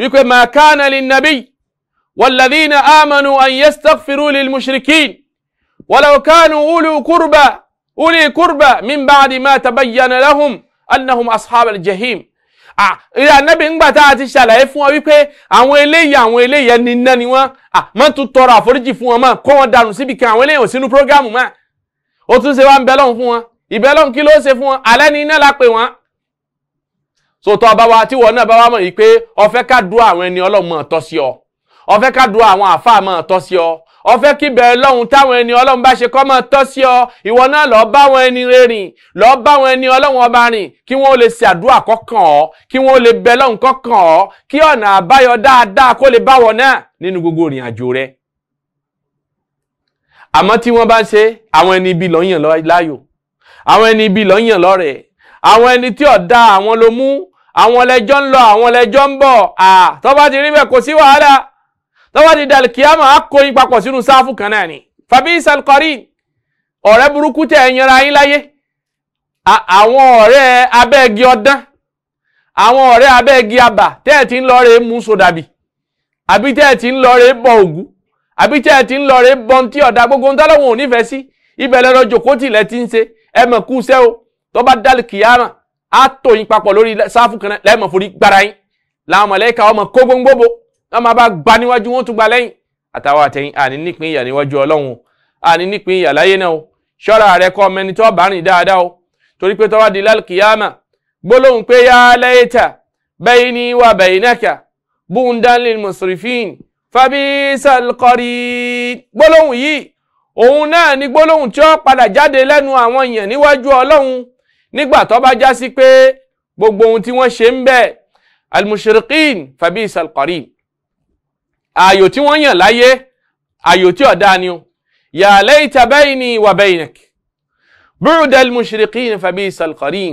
wípé ma kana linnabi walladhina amanu an yastaghfiru lil mushrikin walau kanu ulu kurba uli kurba min ba'di ma tabayyana lahum annahum ashabal jahim ah ìyá anábì ńgbà tá a ti ṣàlàyé fún ọ wípé àwọn eléyìí àwọn eléyìí ẹni iná ni wọn ah má tún tọrọ àforíjì fún wọn mọ́ kó wọn dànù síbi kan àwọn eléyìí ò sínú prógámù mọ́ ó tún ṣe wá ń bẹ lọ́hùn fún wọn ìbẹ kí ló ṣe fún wọn alẹ́ ni iná la pè wọ́n so tó bá wa tí wọn náà bá wa mọ̀ yìí pé ọ̀fẹ́ ká dúró àwọn ẹni Ọlọ́run máa tọ́ sí ọ ọ̀fẹ́ ká dúró àwọn àáfàá máa tọ́ sí ọ ọ̀fẹ́ kí bẹ̀rẹ̀ lọ́hùn táwọn ẹni Ọlọ́run bá ṣe kọ́ máa tọ́ sí ọ ìwọ náà lọ bá wọn ẹni rìn lọ bá wọn ẹni Ọlọ́run ọba rìn kí wọ́n lè ṣe àdúrà kọ́kàn ọ́ kí wọ́n lè bẹ lọ́hùn kọ́kàn ọ́ kí ọ̀nà àbáyọ dáadáa kó lè bá wọn náà nínú gbogbo ìrìn àjò rẹ àmọ́ tí wọ́n bá ń ṣe àwọn ẹni ibi lọ́yàn láyò àwọn ẹni ibi lọ́yàn lọ́rẹ̀ẹ́ àwọn ẹni tí ọ̀dà àwọn ló mú àwọn lẹjọ́ ń lọ àwọn lẹjọ́ ń bọ̀ à tó bá ti rí bẹ́ẹ̀ kò sí wàhálà tó bá ti dàlí kíámà á kó yín papọ̀ sínú sáfù kan náà ni fabi salkari ọ̀rẹ́ burúkú tẹ̀ ẹ̀ yanra yín láyé àwọn ọ̀rẹ́ abẹ́gi ọdán àwọn ọ̀rẹ́ abẹ́gi abà tẹ́ ẹ̀ ti ń lọ́ọ́rẹ́ mú sódàbí àbí tẹ́ ẹ̀ ti ń lọ́ọ́rẹ́ bọ ògún àbí tẹ́ ẹ̀ ti ń lọ́ọ́rẹ́ bọ́ntí ọ̀dà gbogbo ń tọ́lọ́wọ̀n ò nífẹ̀ẹ́ sí ibẹ̀ lẹ́nu jòkó tìlẹ̀ ti ń ṣe ẹ mọ̀ kú o tó bá dàlí kíámà á tò yín papọ̀ lórí sáfù kan náà lẹ́ẹ̀mọ̀ forí gbára yín làwọn mọ̀lẹ́kà ọmọ kó gbóngbòbò wọ́n máa bá gba níwájú wọ́n tún gba lẹ́yìn àtàwọn àtẹ̀yìn àní nípìn ìyà níwájú ọlọ́run àní nípìn ìyà láyé náà o ṣọ́ra rẹ kọ́ mẹni tó bá rìn dáadáa o torí pé tọ́wá di lálùkìyàmà gbólóhùn pé yá lẹ́yẹ̀tà bẹ́yìn ní wà bẹ́yìn náà kà búndánlẹ̀ mùsùlùfín nígbà tó bá já sí pé gbogbo ohun tí wọ́n ṣe ń bẹ̀ almushriqin fabi isalqari ààyò tí wọ́n yàn láyé ààyò tí ọ̀dá ni o ya layta bayni wa baynak bu'da almushriqin fabi isalqari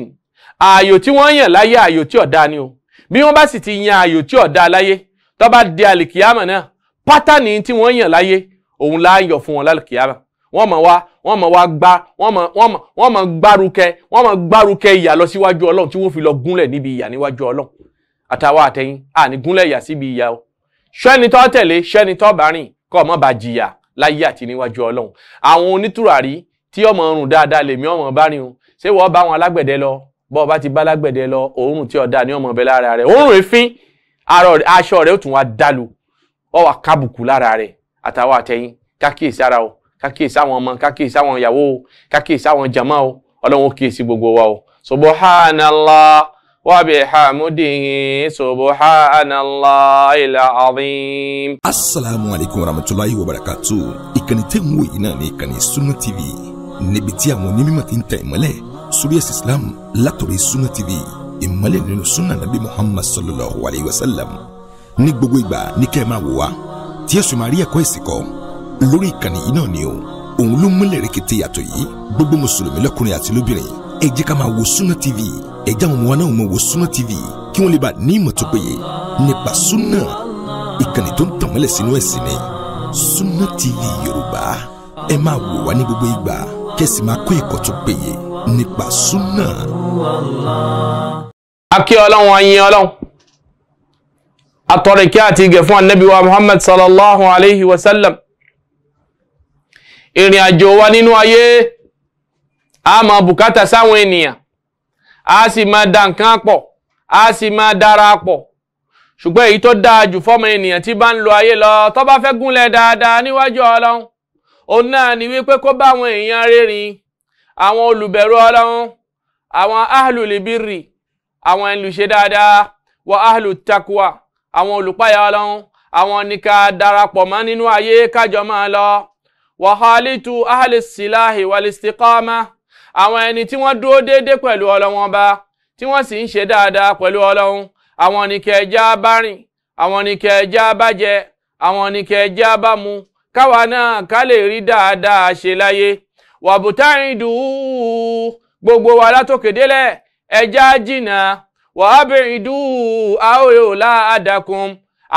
ààyò tí wọ́n yàn láyé ààyò tí ọ̀dá ni o bí wọ́n bá sì ti yan ààyò tí ọ̀dá láyé tó bá di alìkíyàmọ̀ náà pátánì tí wọ́n yàn láyé òun láàyò fún wọn lálìkíyàmọ̀ wọ́n mọ̀ wá wọ́n mọ̀ wá gbá wọ́n mọ̀ wọ́n mọ̀ wọ́n mọ̀ gbárùkẹ́ wọ́n mọ̀ gbárùkẹ́ ìyà lọ síwájú ọlọ́run tí wọ́n fi lọ gúnlẹ̀ níbi ìyà níwájú ọlọ́run àtàwa àtẹ̀yìn àní gúnlẹ̀ ìyà síbi ìyà o ṣẹ́ni tó tẹ̀lé ṣẹ́ni tó bá rìn kọ́ ọmọ bá jìyà láyé àti níwájú ọlọ́run àwọn onítùràrí tí ọmọ rùn dáadáa lèmi ọmọ bá rìn o ṣé wọ́n bá wọn alágbẹ̀dẹ lọ bọ́ ọba ti bá alágbẹ̀dẹ lọ òórùn tí ọ̀dà ní ọmọ bẹ lára rẹ̀ òórùn èéfín aṣọ rẹ̀ ó tún wá dálu ọ wà kábùkù lára rẹ̀ àtàwa àtẹ̀yìn kákíyèsára o kákíyèsí àwọn ọmọ kákíyèsí àwọn ìyàwó o kákíyèsí àwọn jàmá o ọlọ́run ó kíyèsí gbogbo wa o subhanallah wa bihamdihi subhanallahil azim. asalaamu alaykum wa rahmatulahi wa barakatu ìkànnì tẹ́ ń wò yìí náà ní ìkànnì Sunna TV níbi tí àwọn onímọ̀ ti ń tẹ̀ ìmọ́lẹ̀ sórí Islam látọ̀rẹ́ Sunna TV ìmọ́lẹ̀ nínú sunna nabi Muhammad sallallahu alayhi wa sallam ní gbogbo ìgbà ní kẹ́ ẹ máa wò wá tí ẹ lórí ìkànnì yìí náà ni o òun ló múlẹ̀ rẹ̀kẹ̀tẹ̀ yàtọ̀ yìí gbogbo mùsùlùmí lọ́kùnrin àti lóbìnrin ẹ jẹ́ ká máa wo Sunna TV ẹ jẹ́ àwọn ọmọ náà máa wo Sunna TV kí wọ́n lè bá ní ìmọ̀ tó péye nípa Sunna ìkànnì tó ń tànmọ́lẹ̀ sínú ẹ̀sìn ni Sunna TV Yorùbá ẹ máa wò wá ní gbogbo ìgbà kẹ́sì máa kó ẹ̀kọ́ tó péye nípa Sunna. a ọlọ́run a ọlọ́run atọ́rẹ̀kẹ́ àti ìgẹ̀ fún anabi wa Muhammad sallallahu alayhi wa sallam ìrìn àjò wa nínú ayé a máa bùkátà sáwọn ènìyàn a sì máa da nǹkan pọ̀ a sì máa dára pọ̀ ṣùgbọ́n èyí tó dáa jù fọ́mọ ènìyàn tí bá ń lo ayé lọ tó bá fẹ́ gúnlẹ̀ dáadáa níwájú ọlọ́run òun náà ni wípé kó bá àwọn èèyàn rírìn àwọn olùbẹ̀rù ọlọ́run àwọn áhàlù libiri àwọn olùṣe dáadáa wọ áhàlù takwa àwọn olùpáyà ọlọ́run àwọn ní ká darapọ̀ mọ́ nínú ayé kájọ máa lọ wàhálítù ahàlìsíláhì wàlìsíkàmà àwọn ẹni tí wọ́n dúró déédé pẹ̀lú ọlọ́wọ́n ọba tí wọ́n sì ń ṣe dáadáa pẹ̀lú ọlọ́run àwọn ni kẹjá bá rìn àwọn ni kẹjá bá jẹ àwọn ni kẹjá bá mu káwa náà ká lè rí dáadáa ṣe láyé wàbùtárìn dùú gbogbo wa látòkè délẹ̀ ẹjá jìnnà wàábìrin dùú àórè ò láàdàkùn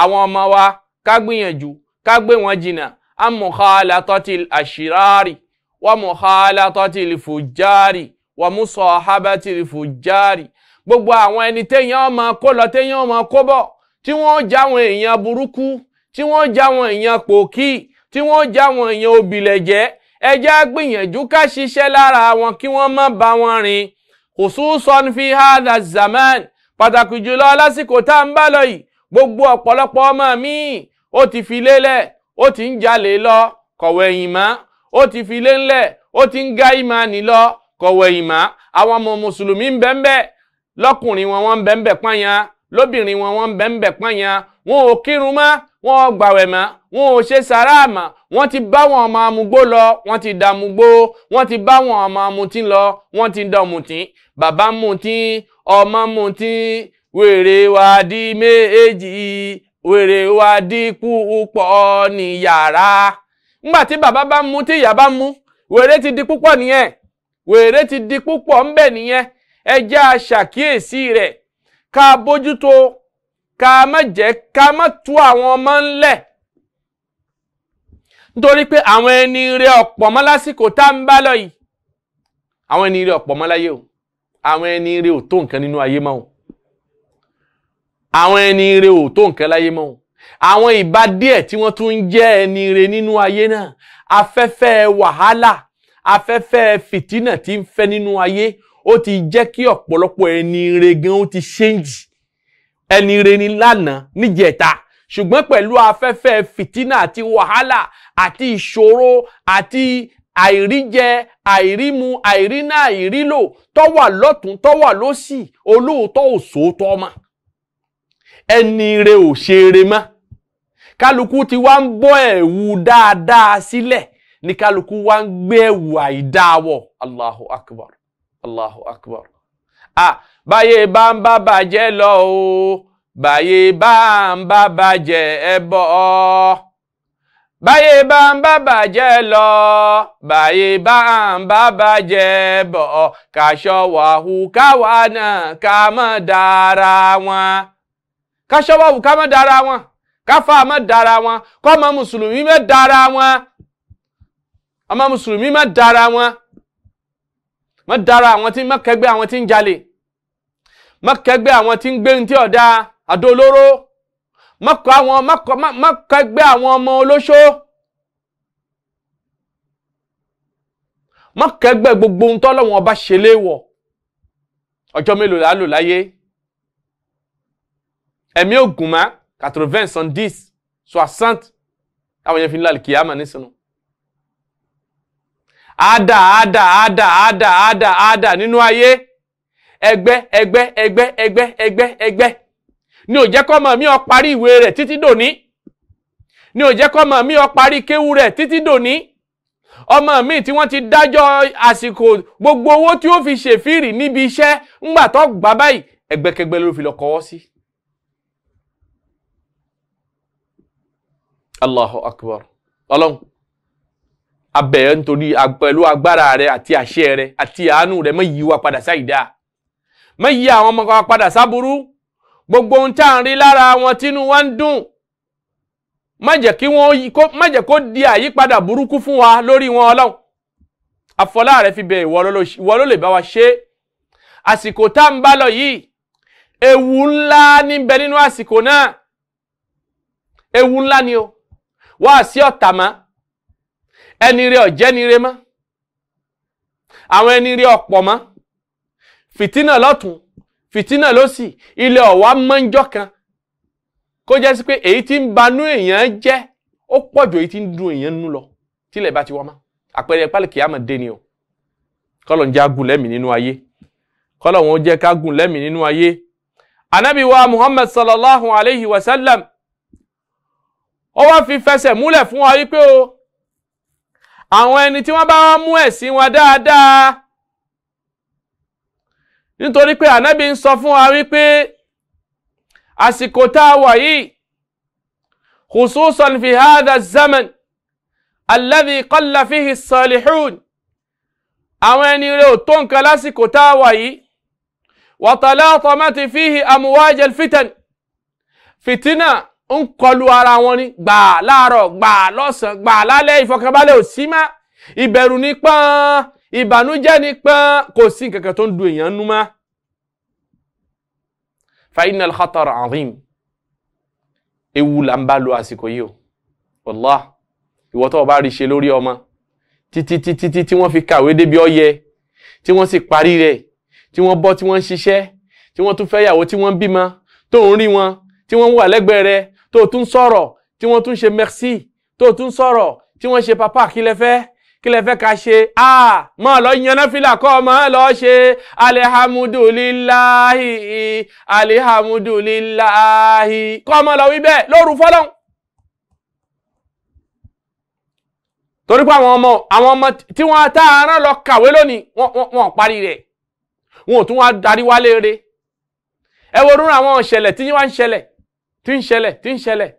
àwọn ọmọ wa ká gbìyànjú ká gbé wọn jìnnà an mukhalatatil ashirari wa mukhalatatil fujari wa musahabatil fujari gbogbo àwọn ẹni téèyàn máa kó lọ téèyàn máa kó bọ̀ tí wọ́n jáwọn èèyàn burúkú tí wọ́n jáwọn èèyàn pòkí tí wọ́n jáwọn èèyàn òbílẹ̀jẹ́ ẹ já gbìyànjú ká ṣiṣẹ́ lára wọn kí wọ́n má bá wọn rìn khususan fi hadha zaman pàtàkì jùlọ lásìkò tá à ń bá lọ yìí gbogbo ọ̀pọ̀lọpọ̀ ọmọ mi ó ti fi lélẹ̀ ó ti ń jalè lọ kọ̀wé ẹ̀yìn mọ́ ó ti fi ilé ńlẹ̀ ó ti ń gá ìmánì lọ kọ̀wé ẹ̀yìn mọ́ àwọn ọmọ mùsùlùmí ń bẹ́ńbẹ́ lọ́kùnrin wọn wọ́n ń bẹ́ńbẹ́ pọ́nyán lóbìnrin wọn wọ́n ń bẹ́ńbẹ́ pọ́nyán wọn ò kírun mọ́ wọn ò gbàwẹ̀ mọ́ wọn ò ṣe sàráà mọ́ ti bá wọn ọmọ amúgbó lọ wọ́n ti da amúgbó wọ́n ti bá wọn ọmọ amutí lọ wọ́n ti da ọmùtí bàbá mutí ọmọ mutí wèrè wàdí méjì wèrè wa dínkù pọ̀ ní yàrá ńgbà tí bàbá bá mú tí ìyá bá mú wèrè ti di púpọ̀ nìyẹn wèrè ti di púpọ̀ ńbẹ̀ nìyẹn ẹ jẹ́ a ṣàkíyèsí rẹ̀ ká bójútó ká má jẹ́ ká má tú àwọn ọmọ ńlẹ̀ nítorí pé àwọn ẹni rẹ ọ̀pọ̀ mọ́ lásìkò tá ń bá lọ yìí àwọn ẹni rẹ ọ̀pọ̀ mọ́ láyé o àwọn ẹni rẹ ò tó nǹkan nínú ayé mọ́ o àwọn ẹni ire ò tó nǹkan láyé mọ́ àwọn ìbá díẹ̀ tí wọ́n tún ń jẹ́ ẹni ire nínú ayé náà afẹ́fẹ́ wàhálà afẹ́fẹ́ fìtínà tí ń fẹ́ nínú ayé ó ti jẹ́ kí ọ̀pọ̀lọpọ̀ ẹni ire gan ó ti ṣéǹjì ẹni ire ni lánàá níjẹta ṣùgbọ́n pẹ̀lú afẹ́fẹ́ fìtínà àti wàhálà àti ìṣòro àti àìríjẹ àìrímu àìrínà àìrílò tó wà lọ́tún tó wà lósì olóòótọ́ òṣòótọ́ ọmọ ẹni re ò ṣe re mọ́ kálukú ti wá ń bọ́ ẹ̀wù dáadáa sílẹ̀ ní kálukú wá ń gbé ẹ̀wù àìdáwọ̀ Allahu Akbar Allahu Akbar ah báyé bá ń bá bàjẹ́ lọ o báyé bá ń bá bàjẹ́ ẹ bọ́ ọ báyé bá ń bá bàjẹ́ lọ báyé bá ń bá bàjẹ́ bọ̀ kàṣọ wàhù káwa náà ká mọ̀ dára wọn. ka ṣọ́wọ́wù ká má dára wọn dára wọn ka mùsùlùmí má dára wọn ọmọ mùsùlùmí má dára wọn má dára àwọn tí má kẹgbẹ́ àwọn tí ń jalè má kẹgbẹ́ àwọn tí ń gbé ní tí ọ̀dà àdó olóró má ọmọ olóṣó má kẹgbẹ́ gbogbo ohun tọ́lọ́wọ́n ọba ṣe léèwọ̀ ọjọ́ mélòó la láyé. emi ogunma katruven sundis swazant awonye finla alkiyar ma nisanu ada adada adada ninu aye egbe egbe egbe egbe egbe egbe ni o jekoma mi o pari iwe re titi doni ni o jekoma mi o pari kewu re titi doni o mi ti won ti dajo asi gbogbo owo ti o fi sefiri ni bi ise mgbatogba baba i egbekegbe si. Allahu Akbar ọlọ́run abẹ̀rẹ̀ nítorí pẹ̀lú agbára rẹ àti àṣẹ rẹ àti àánú rẹ mọ̀ yí wa padà sáìdá mọ̀ yí àwọn ọmọ wa padà sáburú gbogbo ohun tá à ń rí lára wọn tínú wa ń dùn má jẹ́ kó di àyípadà burúkú fún wa lórí wọn ọlọ́run àfọlá rẹ fi bẹ ìwọ ló lè bá wa ṣe àsìkò tá ń bá lọ yìí ewu ńlá níbẹ̀ nínú àsìkò náà ewu ńlá ni o. wá sí ọ̀tà mọ́ ẹni rẹ ọ̀jẹ́ ni rẹ mọ́ àwọn ẹni rẹ ọ̀pọ̀ mọ́ fìtínà lọ́tún fìtínà lọ́sì ilẹ̀ ọ̀wá mọ́njọ́ kan kó jẹ́ sí pé èyí tí ń banú èèyàn jẹ́ ó pọ̀ ju èyí tí ń dun èèyàn nú lọ tílẹ̀ bá ti wọ́n mọ́ àpẹẹrẹ pálíkì àmọ̀ dé ni o kọ́lọ̀ ń jẹ́ agùn lẹ́mìí nínú ayé kọ́lọ̀ wọn jẹ́ ká gùn nínú ayé anabi wa muhammad sallallahu alayhi wa sallam ó wá fi fẹsẹ̀ múlẹ̀ fún wa wípé o àwọn ẹni tí wọ́n bá wá mú ẹ̀sìn wọn dáadáa nítorí pé ànábì ń sọ fún wa wípé àsìkò tá a wà yìí khususan fi hadha zaman alladhi qalla fihi salihun àwọn ẹni rẹ̀ ò tó nǹkan lásìkò tá a wà yìí wa talatamat fihi amwaj alfitan fitina ń kọlu ara wọn ni gbà láàárọ̀ gbà lọ́sàn-án gbà lálẹ́ ìfọkànbalẹ̀ ò sí mọ́ ìbẹ̀rù ní pọ́n ìbànújẹ́ ní pọ́n kò sí nǹkan kan tó ń du èèyàn nú mọ́. fa inna al-khatar azim ewu là ń bá lo àsìkò yìí o wallah ìwọ tó o bá rí ṣe lórí ọmọ títí títí tí tí wọ́n fi kàwé débi ọyẹ tí wọ́n sì parí rẹ̀ tí wọ́n bọ́ tí wọ́n ń ṣiṣẹ́ tí wọ́n tún fẹ́ yàwó tí wọ́n ń bímọ tó ń rí wọn tí wọ́n ń wà lẹ́gbẹ̀ẹ́ rẹ̀ tó tún sọ̀rọ̀ tí wọ́n tún ṣe merci tó tún sọ̀rọ̀ tí wọ́n ṣe papa kí lẹ fẹ́ kí lẹ fẹ́ ká ṣe a máa lọ yanná fìlà kọ́ máa lọ ṣe alihamudulilahi alihamudulilahi kọ́ máa lọ wí bẹ́ẹ̀ lóru fọlọ́n. torí pé àwọn ọmọ àwọn ọmọ tí wọ́n ta, a rán lọ kàwé lónìí wọ́n parí rẹ̀ wọn ò tún wá darí wálé re ẹ wo rúra àwọn ìṣẹ̀lẹ̀ tí wọ́n ń ṣẹlẹ̀ tí ń ṣẹlẹ̀ tí ń ṣẹlẹ̀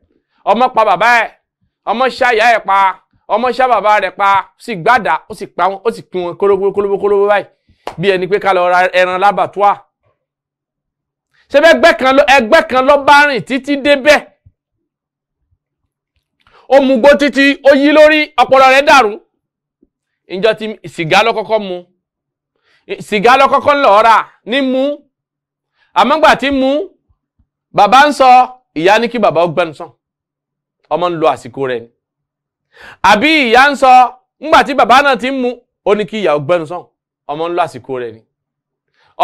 ọmọ pa bàbá ẹ̀ ọmọ ṣá ìyá ẹ̀ pa ọmọ ṣá bàbá rẹ̀ pa ó sì gbàdá ó sì pa wọn ó sì pin wọn kólóbó báyìí bí ẹni pé ká lọ ra ẹran lábàtúà ṣebí ẹgbẹ́ kan lọ ẹgbẹ́ kan lọ bá rìn títí débẹ̀ ó mugbó títí ó yí lórí ọpọlọ rẹ̀ dàrú ìjọ tí sìgá ló kọ́kọ́ mu sìgá ló kọ́kọ́ lọ rà ní mu àmọ́gbà tí mu bàbá ń sọ ìyá ní kí bàbá ó gbẹnu sàn ọmọ ń lo àsìkò rẹ̀ ni àbí ìyá ń sọ ńgbà tí bàbá náà ti ń mu ó ní kí ìyá ó gbẹnu sàn ọmọ ń lo àsìkò rẹ̀ ni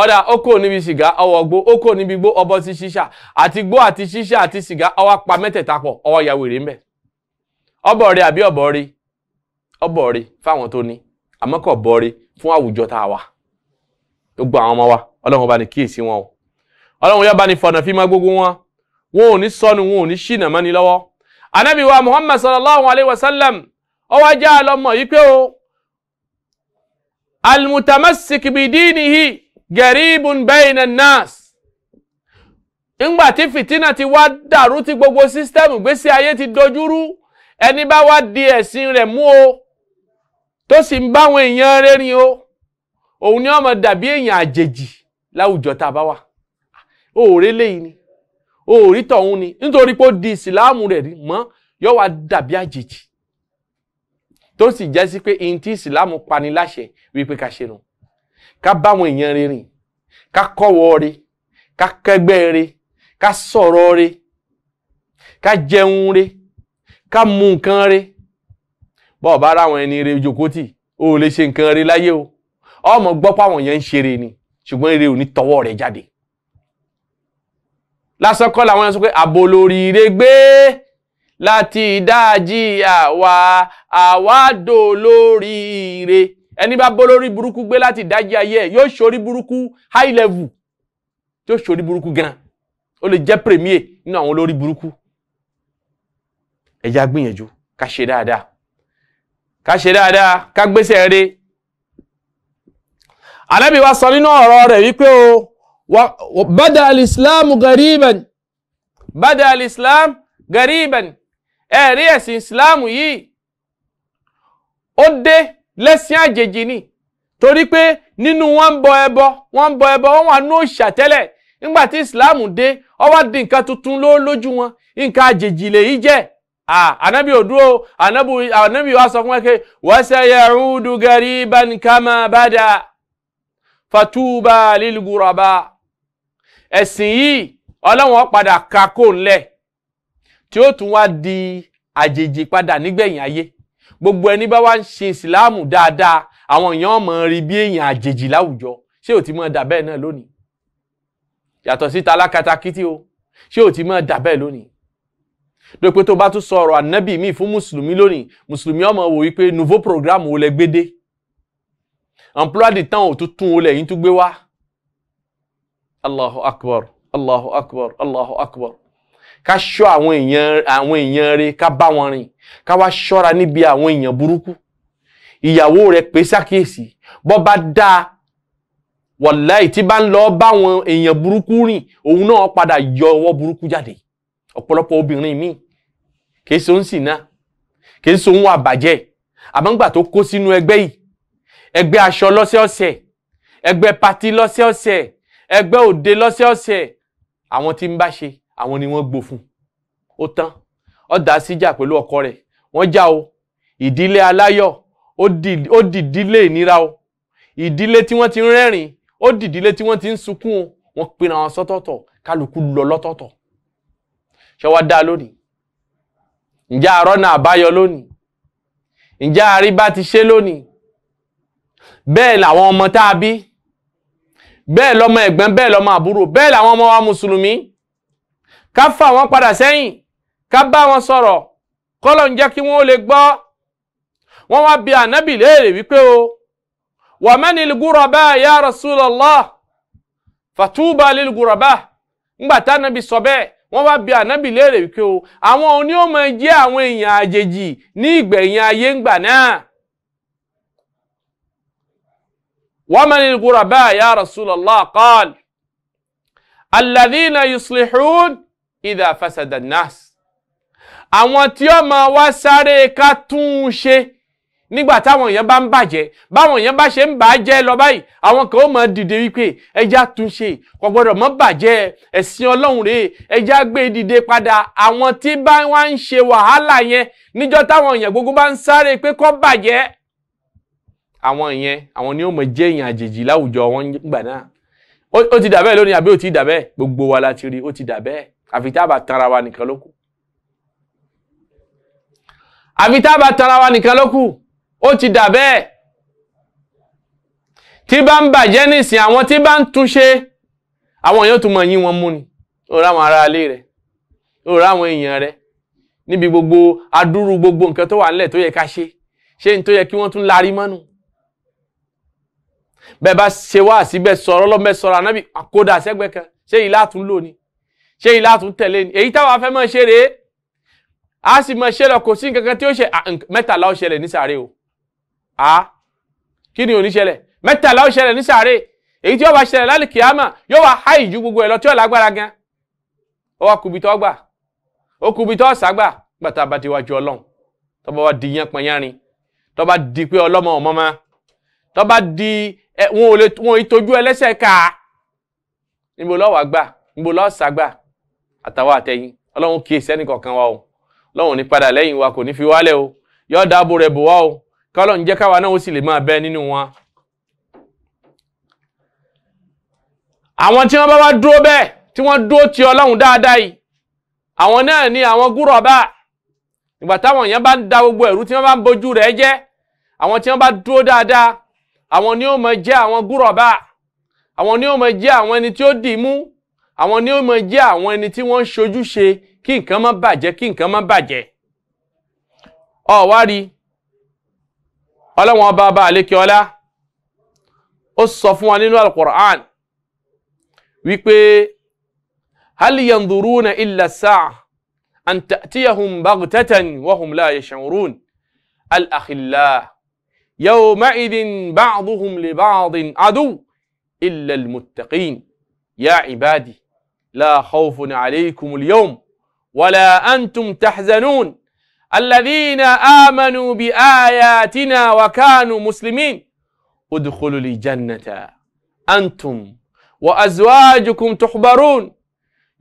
ọ̀dà ó kò níbi sìgá ọwọ́ gbó ó kò níbi gbó ọbọ̀ sí ṣíṣà àti gbó àti ṣíṣà àti sìgá ọwọ́ apá mẹ́tẹ̀ẹ̀ta pọ̀ ọwọ́ ìyàwó èrè ń bẹ̀ àbí ọbọ̀ rẹ̀ fáwọn tó ní àmọ́ kò wa ọlọ́run bá ní kíyèsí wọn o ọlọ́run yóò bá ní wọn ò ní sọnù wọn ò ní ṣìnà mọ́ni lọ́wọ́ anabi wa muhammad sallallahu alayhi wa sallam ọwọ́ ajá àlọ́mọ yìí pé o almutamassik bidinihi garibun bayna nas ńgbà tí fìtínà ti wá dàrú tí gbogbo sísítẹ́mù gbésí ayé ti dojúrú ẹni bá wá di ẹ̀sìn rẹ̀ mú o tó sì ń báwọn èèyàn rẹ́rìn o òun ni ọmọ dàbí èèyàn àjèjì láwùjọ tá a bá wà òòrè léyìí ni òórí tọ̀hún ni nítorí di ìsìláàmù rẹ̀ mọ́ yóò wá dàbí àjèjì tó sì jẹ́ sí pé ihun tí ìsìláàmù pani láṣẹ wípé ká ṣe nù ká báwọn èèyàn rẹ̀ ká kọ́wọ́ rẹ̀ ká kẹgbẹ́ rẹ̀ ká sọ̀rọ̀ rẹ̀ ká jẹun mu nǹkan bá ẹni jòkótì o ò lè ṣe nǹkan láyé o ọmọ gbọ́ pàwọn yẹn ń ṣeré ni ṣùgbọ́n eré ò ní tọwọ́ jáde lásán kọ́ làwọn sọ pé àbò lóríire gbé láti ìdájí àwa àwádò lóríire ẹni bá bó lórí burúkú gbé láti ìdájí ayé ẹ yóò ṣorí burúkú high level yóò ṣorí burúkú gan ó lè jẹ́ premier nínú àwọn olórí burúkú ẹ̀yà gbìyànjú ká ṣe dáadáa ká ṣe dáadáa ká gbéṣẹ́ rere Ànábì wa sọ nínú ọ̀rọ̀ rẹ̀ wípé o bada alìsílámù gariban bada alìsílámù gariban ẹ̀rí ẹ̀sìn يي yìí لسيا dé lẹ́sìn àjèjì ni torí pé nínú wọn ń bọ ẹbọ wọn ń bọ ẹbọ wọn wà ní òòṣà tẹ́lẹ̀ nígbà tí ìsìlámù dé ó wá di nǹkan tuntun lójú wọn nǹkan àjèjì lèyí jẹ́ ànábì òdúró ànábì wa sọ fún wọn pé wa sayaudu gariban kama bada fatuba lil guraba ẹ̀sìn yìí ọlọ́wọ́n padà ka kó ńlẹ̀ tí ó tún wá di àjèjì padà nígbẹ̀yìn ayé gbogbo ẹni bá wá ń ṣe ìsìláàmù dáadáa àwọn èèyàn mọ̀ rí bí èèyàn àjèjì láwùjọ ṣé ò ti mọ̀ dà bẹ́ẹ̀ náà lónìí yàtọ̀ síta alákatakítí o ṣé ò ti mọ̀ dà bẹ́ẹ̀ lónìí dópin tó bá tún sọ ọ̀rọ̀ ànábì míì fún mùsùlùmí lónìí mùsùlùmí ọmọ wò wípé nouveau programme wo lẹ gbé dé emploi du temps ò tún tún olè yín tún gbé wá allahu akbar allahu akbar allahu akbar ká ṣọ́ àwọn èèyàn àwọn èèyàn rẹ ká bá wọn rìn ká wá ṣọ́ra níbi àwọn èèyàn burúkú ìyàwó rẹ pè sákèsì bọ́ bá dáa wàláì tí bá ń lọ báwọn èèyàn burúkú rìn òun náà padà yọ ọwọ́ burúkú jáde ọ̀pọ̀lọpọ̀ obìnrin míì kìí so ń sì náà kìí so ń wà bàjẹ́ àmọ́ngbà tó kó sínú ẹgbẹ́ yìí ẹgbẹ́ aṣọ lọ́sẹ̀ọ̀sẹ̀ ẹgbẹ́ patí lọ́sẹ̀ọ̀sẹ̀ ẹgbẹ́ òde lọ́sẹ̀ọ̀sẹ̀ àwọn tí ń bá ṣe àwọn ni wọ́n gbó fún ó tán ó dá síjà pẹ̀lú ọkọ rẹ̀ wọ́n já o ìdílé aláyọ̀ ó dìdílé ìnira o ìdílé tí wọ́n ti ń rẹ́rìn ó dìdílé tí wọ́n ti ń sunkún o wọ́n pinna wọn sọ́tọ̀ọ̀tọ̀ kálukú lọ lọ́tọ̀ọ̀tọ̀ ṣé wàá dá lónìí ǹjẹ́ àárọ̀ náà àbáyọ lónìí ǹjẹ́ àríbá ti ṣe lónìí bẹ́ẹ̀ làwọn ọmọ tá a bí bẹ́ẹ̀ lọ́mọ ẹ̀gbọ́n bẹ́ẹ̀ lọ́mọ àbúrò bẹ́ẹ̀ làwọn ọmọ wa mùsùlùmí ká fà wọ́n padà sẹ́yìn ká bá wọn sọ̀rọ̀ kọ́lọ̀ ń jẹ́ kí wọ́n lè gbọ́ wọ́n wá bi ànábì léèrè o wà ya Rasulullah fàtúbà lùgùrọ̀bá ńgbà tá ànábì sọ bẹ́ẹ̀ wọ́n wá bi ànábì léèrè wípé o àwọn oníhòmọ̀ jẹ́ àwọn èèyàn àjèjì ní ìgbẹ̀yìn ومن الغرباء يا رسول الله قال الذين يصلحون إذا فسد الناس àwọn tí ó máa wá sáré ká tún un ṣe nígbà táwọn èèyàn bá ń bàjẹ́ báwọn èèyàn bá ṣe ń bàjẹ́ lọ báyìí àwọn kan ó máa dìde wípé ẹja tún ṣe kò gbọdọ̀ mọ́ bàjẹ́ ẹ̀sìn ọlọ́run rèé ẹja gbé e dìde padà àwọn tí bá wá ń ṣe wàhálà yẹn níjọ́ táwọn èèyàn gbogbo bá ń sáré pé kó bàjẹ́ àwọn ìyẹn àwọn ni ó mọ̀ jẹ́ èèyàn àjèjì láwùjọ wọn gbà náà ó ti dà lónìí àbí ó ti dà gbogbo wa la ti rí ó ti dà bẹ́ẹ̀ àfi tá a bá tanra wa nìkan ló kù àfi tá a bá tanra wa nìkan ló kù ó ti dà bẹ́ẹ̀ tí bá ń bàjẹ́ nísìn àwọn tí bá ń túnṣe àwọn èèyàn tún mọ̀ yín wọn mú ni ó rà àwọn ará ilé rẹ̀ ó rà àwọn èèyàn rẹ̀ níbi gbogbo adúrú gbogbo nǹkan tó wà nílẹ̀ tó yẹ ká ṣe ṣé ní tó yẹ kí wọ́n tún larí mọ́nu bẹ́ẹ̀ bá ṣe wá síbẹ̀ sọ̀rọ̀ ọlọ́mọbẹ sọ̀rọ̀ ànábì kódà sẹ́gbẹ́ kan ṣé yìí látún lò ní ṣé yìí látún tẹ̀lé ní èyí táwa fẹ́ mọ̀ ṣe rèé a sì mọ̀ ṣe lọ kò sí nǹkan kan tí ó ṣe mẹ́tàlá ó ṣẹlẹ̀ ní sàárè o a kí ni oníṣẹlẹ̀ mẹ́tàlá ó ṣẹlẹ̀ ní sàárè èyí tí ó bá ṣẹlẹ̀ lálẹ́ kìámà yóò wá háì ju gbogbo ẹ̀ lọ tí ó lágbára gan ó wá kùbi tó gbà ó kùbi tó sàgbà gbàtà bá ti wájú ọlọ́run tó bá wá di yán pọnyánrin tó bá di pé ọlọ́mọ ọmọ tó bá di wọn ò lè wọn ìtọ́jú ẹlẹ́sẹ̀ ká níbo lọ́wọ́ àgbà níbo lọ́wọ́ sàgbà àtàwọn àtẹ̀yìn ọlọ́run kì í sẹ́ni kankan wa o ọlọ́run ní padà lẹ́yìn wa kò ní fi wálẹ̀ o yọ dáàbò rẹ̀ bò wá o kọ́lọ́run jẹ́ káwa náà ó sì lè máa bẹ nínú wọn. àwọn tí wọ́n bá wá dúró bẹ́ẹ̀ tí wọ́n dúró ti ọlọ́run dáadáa yìí àwọn náà ni àwọn gúrọ̀bà ìgbà táwọn èèyàn bá ń da gbogbo ẹ̀rú tí wọ́n bá ń bojú rẹ̀ jẹ́ àwọn tí wọ́n bá dúró dáadáa àwọn ni ó mọ jẹ́ àwọn gúrọ̀bà àwọn ni ó mọ jẹ́ àwọn ẹni tí ó dì mú àwọn ni ó mọ jẹ́ àwọn ẹni tí wọ́n ń ṣojúṣe kí nǹkan má bàjẹ́ kí nǹkan má bàjẹ́ ọ wá rí ọlọ́wọ́n ọba ọba àlékiọlá ó sọ fún wa nínú alukur'an wípé hal yanzuruna illa an ta'tiyahum baghtatan wa hum la يومئذ بعضهم لبعض عدو إلا المتقين يا عبادي لا خوف عليكم اليوم ولا أنتم تحزنون الذين آمنوا بآياتنا وكانوا مسلمين ادخلوا الجنة أنتم وأزواجكم تحبرون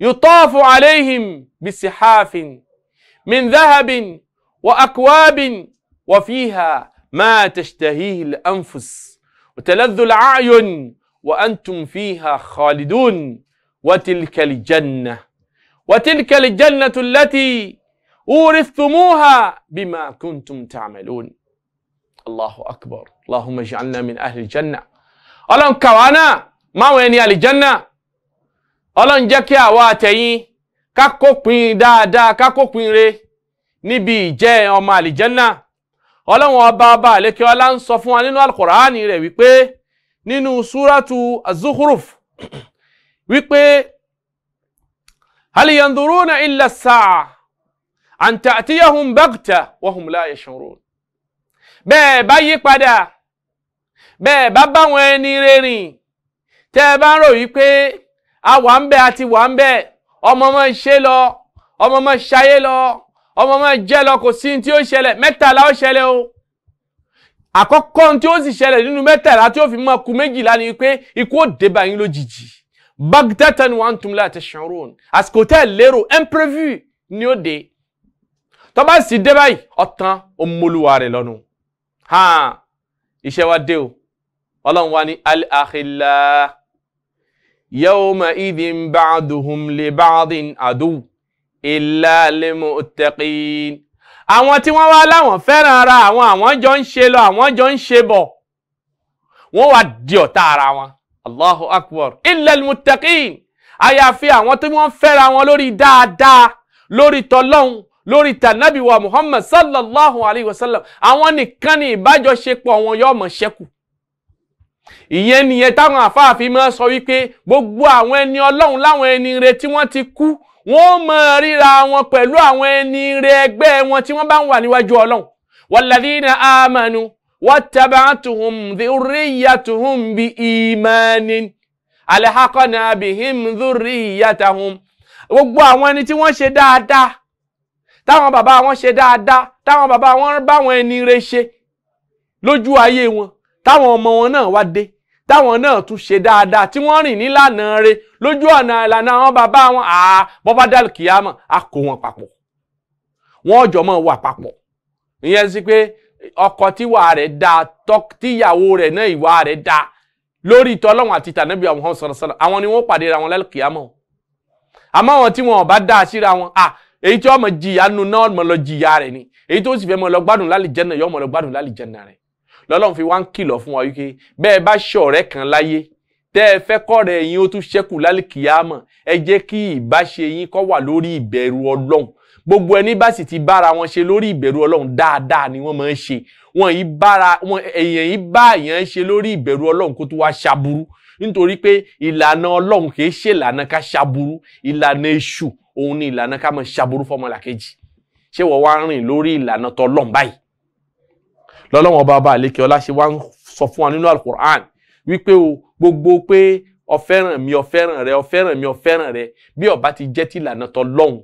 يطاف عليهم بسحاف من ذهب وأكواب وفيها ما تشتهيه الأنفس وتلذ الأعين وأنتم فيها خالدون وتلك الجنة وتلك الجنة التي أورثتموها بما كنتم تعملون الله أكبر اللهم اجعلنا من أهل الجنة ألم كوانا ما وين يا الجنة ألم جاك يا واتي àwa دادا ká ري نبي جاي kópin مال الجنة ọlọ́run ọba ọba àlékè ọlá ń sọ fún wa nínú alukọ̀ránì rẹ̀ wípé nínú súrátù az-zukhruf wípé hal yanzuruna illa as-sa'a an ta'tiyahum baghtah wa hum la yash'urun. bẹ́ẹ̀ bá yí padà bẹ́ẹ̀ bá báwọn ẹni rẹ́rìn tẹ́ ẹ bá ń rò wípé a wà ń bẹ àti wà ń bẹ ọmọ ọmọ ṣe lọ ọmọ ọmọ ṣayé lọ ọmọ máa jẹ́ lọ kò sí tí ó ṣẹlẹ̀ mẹ́tàlá ó ṣẹlẹ̀ o àkọ́kọ́ tí ó sì ṣẹlẹ̀ nínú mẹ́tàlá tí ó fi máa ku méjìlá ni pé ikú ó dé bá yín lójijì bagtatan wa antum la tash'urun àsìkò tẹ́ ẹ̀ lérò imprévu ni ó dé tó sì dé báyìí ọ̀tán ó mólúwa rẹ̀ lọ́nu iṣẹ́ wa dé o ọlọ́run wa ní al-akhilla yawma idhin ba'duhum li ba'din adu illa limuttaqin àwọn tí wọ́n wá láwọn fẹ́ràn ara àwọn àwọn jọ ń ṣe lọ àwọn jọ ń ṣe bọ̀ wọ́n wá di ọ̀tá ara wọn allahu akbar illa limuttaqin àyàfi àwọn tí wọ́n fẹ́ra wọn lórí dáadáa lórí tọlọ́hun lórí tànàbí wa muhammad sallallahu alayhi wa sallam àwọn nìkan ni ìbájọṣepọ̀ wọn yóò mọ̀ ṣẹ́kù ìyẹn nìyẹn táwọn àfáàfin máa sọ wípé gbogbo àwọn ẹni ọlọ́run láwọn ẹni rẹ tí wọ́n ti kú wọ́n mọ ríra wọn pẹ̀lú àwọn ẹni rẹ ẹgbẹ́ wọn tí wọ́n bá ń wà níwájú ọlọ́run walladhina amanu wattaba'atuhum dhurriyyatuhum bi imanin alhaqna bihim dhurriyyatahum gbogbo àwọn ẹni tí wọ́n ṣe dáadáa táwọn bàbá wọn ṣe dáadáa táwọn bàbá wọn báwọn ẹni rẹ ṣe lójú ayé wọn táwọn ọmọ wọn náà wá dé táwọn náà tún ṣe dáadáa tí wọ́n rìn nílànà rẹ̀ lójú ọ̀nà ìlànà àwọn bàbá wọn àá bọ́bá dàlù kìámọ̀ á kó wọn papọ̀ wọ́n jọ mọ́ wà papọ̀ ìyẹn sí pé ọkọ tíwà rẹ̀ dáa tíyàwó rẹ̀ náà ìwà rẹ̀ dáa lórí ìtọ́lọ́wọ̀n àti tànàbí àwọn sọ̀rọ̀ sọ̀rọ̀ àwọn ni wọ́n pàdé ra wọn lálù kìámọ̀ àmọ́ àwọn tí wọn bá dáa síra wọn à èyí tí wọ́n mọ̀ jìyà nu náà mọ̀ lọ jìyà rẹ̀ ni èyí tó sì fẹ́ mọ̀ lọ gbádùn lálì jẹ́nà yọ mọ̀ lọ gbádùn lálì jẹ́nà rẹ̀ lọ́lọ́run fi wá ń kìlọ̀ fún wa wípé bẹ́ẹ̀ bá ṣọ̀rẹ́ kan láyé tẹ́ ẹ fẹ́ kọ́rẹ́ yín ó tún ṣẹ́kù lálìkìyàmọ̀ ẹ jẹ́ kí ìbáṣe yín kó wà lórí ìbẹ̀rù ọlọ́run gbogbo ẹni bá sì ti bára wọn ṣe lórí ìbẹ̀rù ọlọ́run dáadáa ni wọ́n máa ń ṣe wọn yìí bára wọn èèyàn yìí bá èèyàn ṣe lórí ìbẹ̀rù ọlọ́run kó tó wá ṣaburú nítorí pé ìlànà ọlọ́run kì í ṣe ìlànà ká ṣaburú ìlànà èṣù òun ni ìlànà ká máa ṣaburú fọmọlàkejì ṣé wọ́n wá rìn lórí ìlànà tọ́lọ́run báyìí lọ́lọ́wọ́n ọba ọba àlékè ọlá ṣe wá ń sọ fún wa nínú alukur'an wípé o gbogbo pé ọfẹ́ràn mi ọfẹ́ràn rẹ ọfẹ́ràn mi ọfẹ́ràn rẹ bí ọba ti jẹ́ ti lànà tọ́ lọ́hùn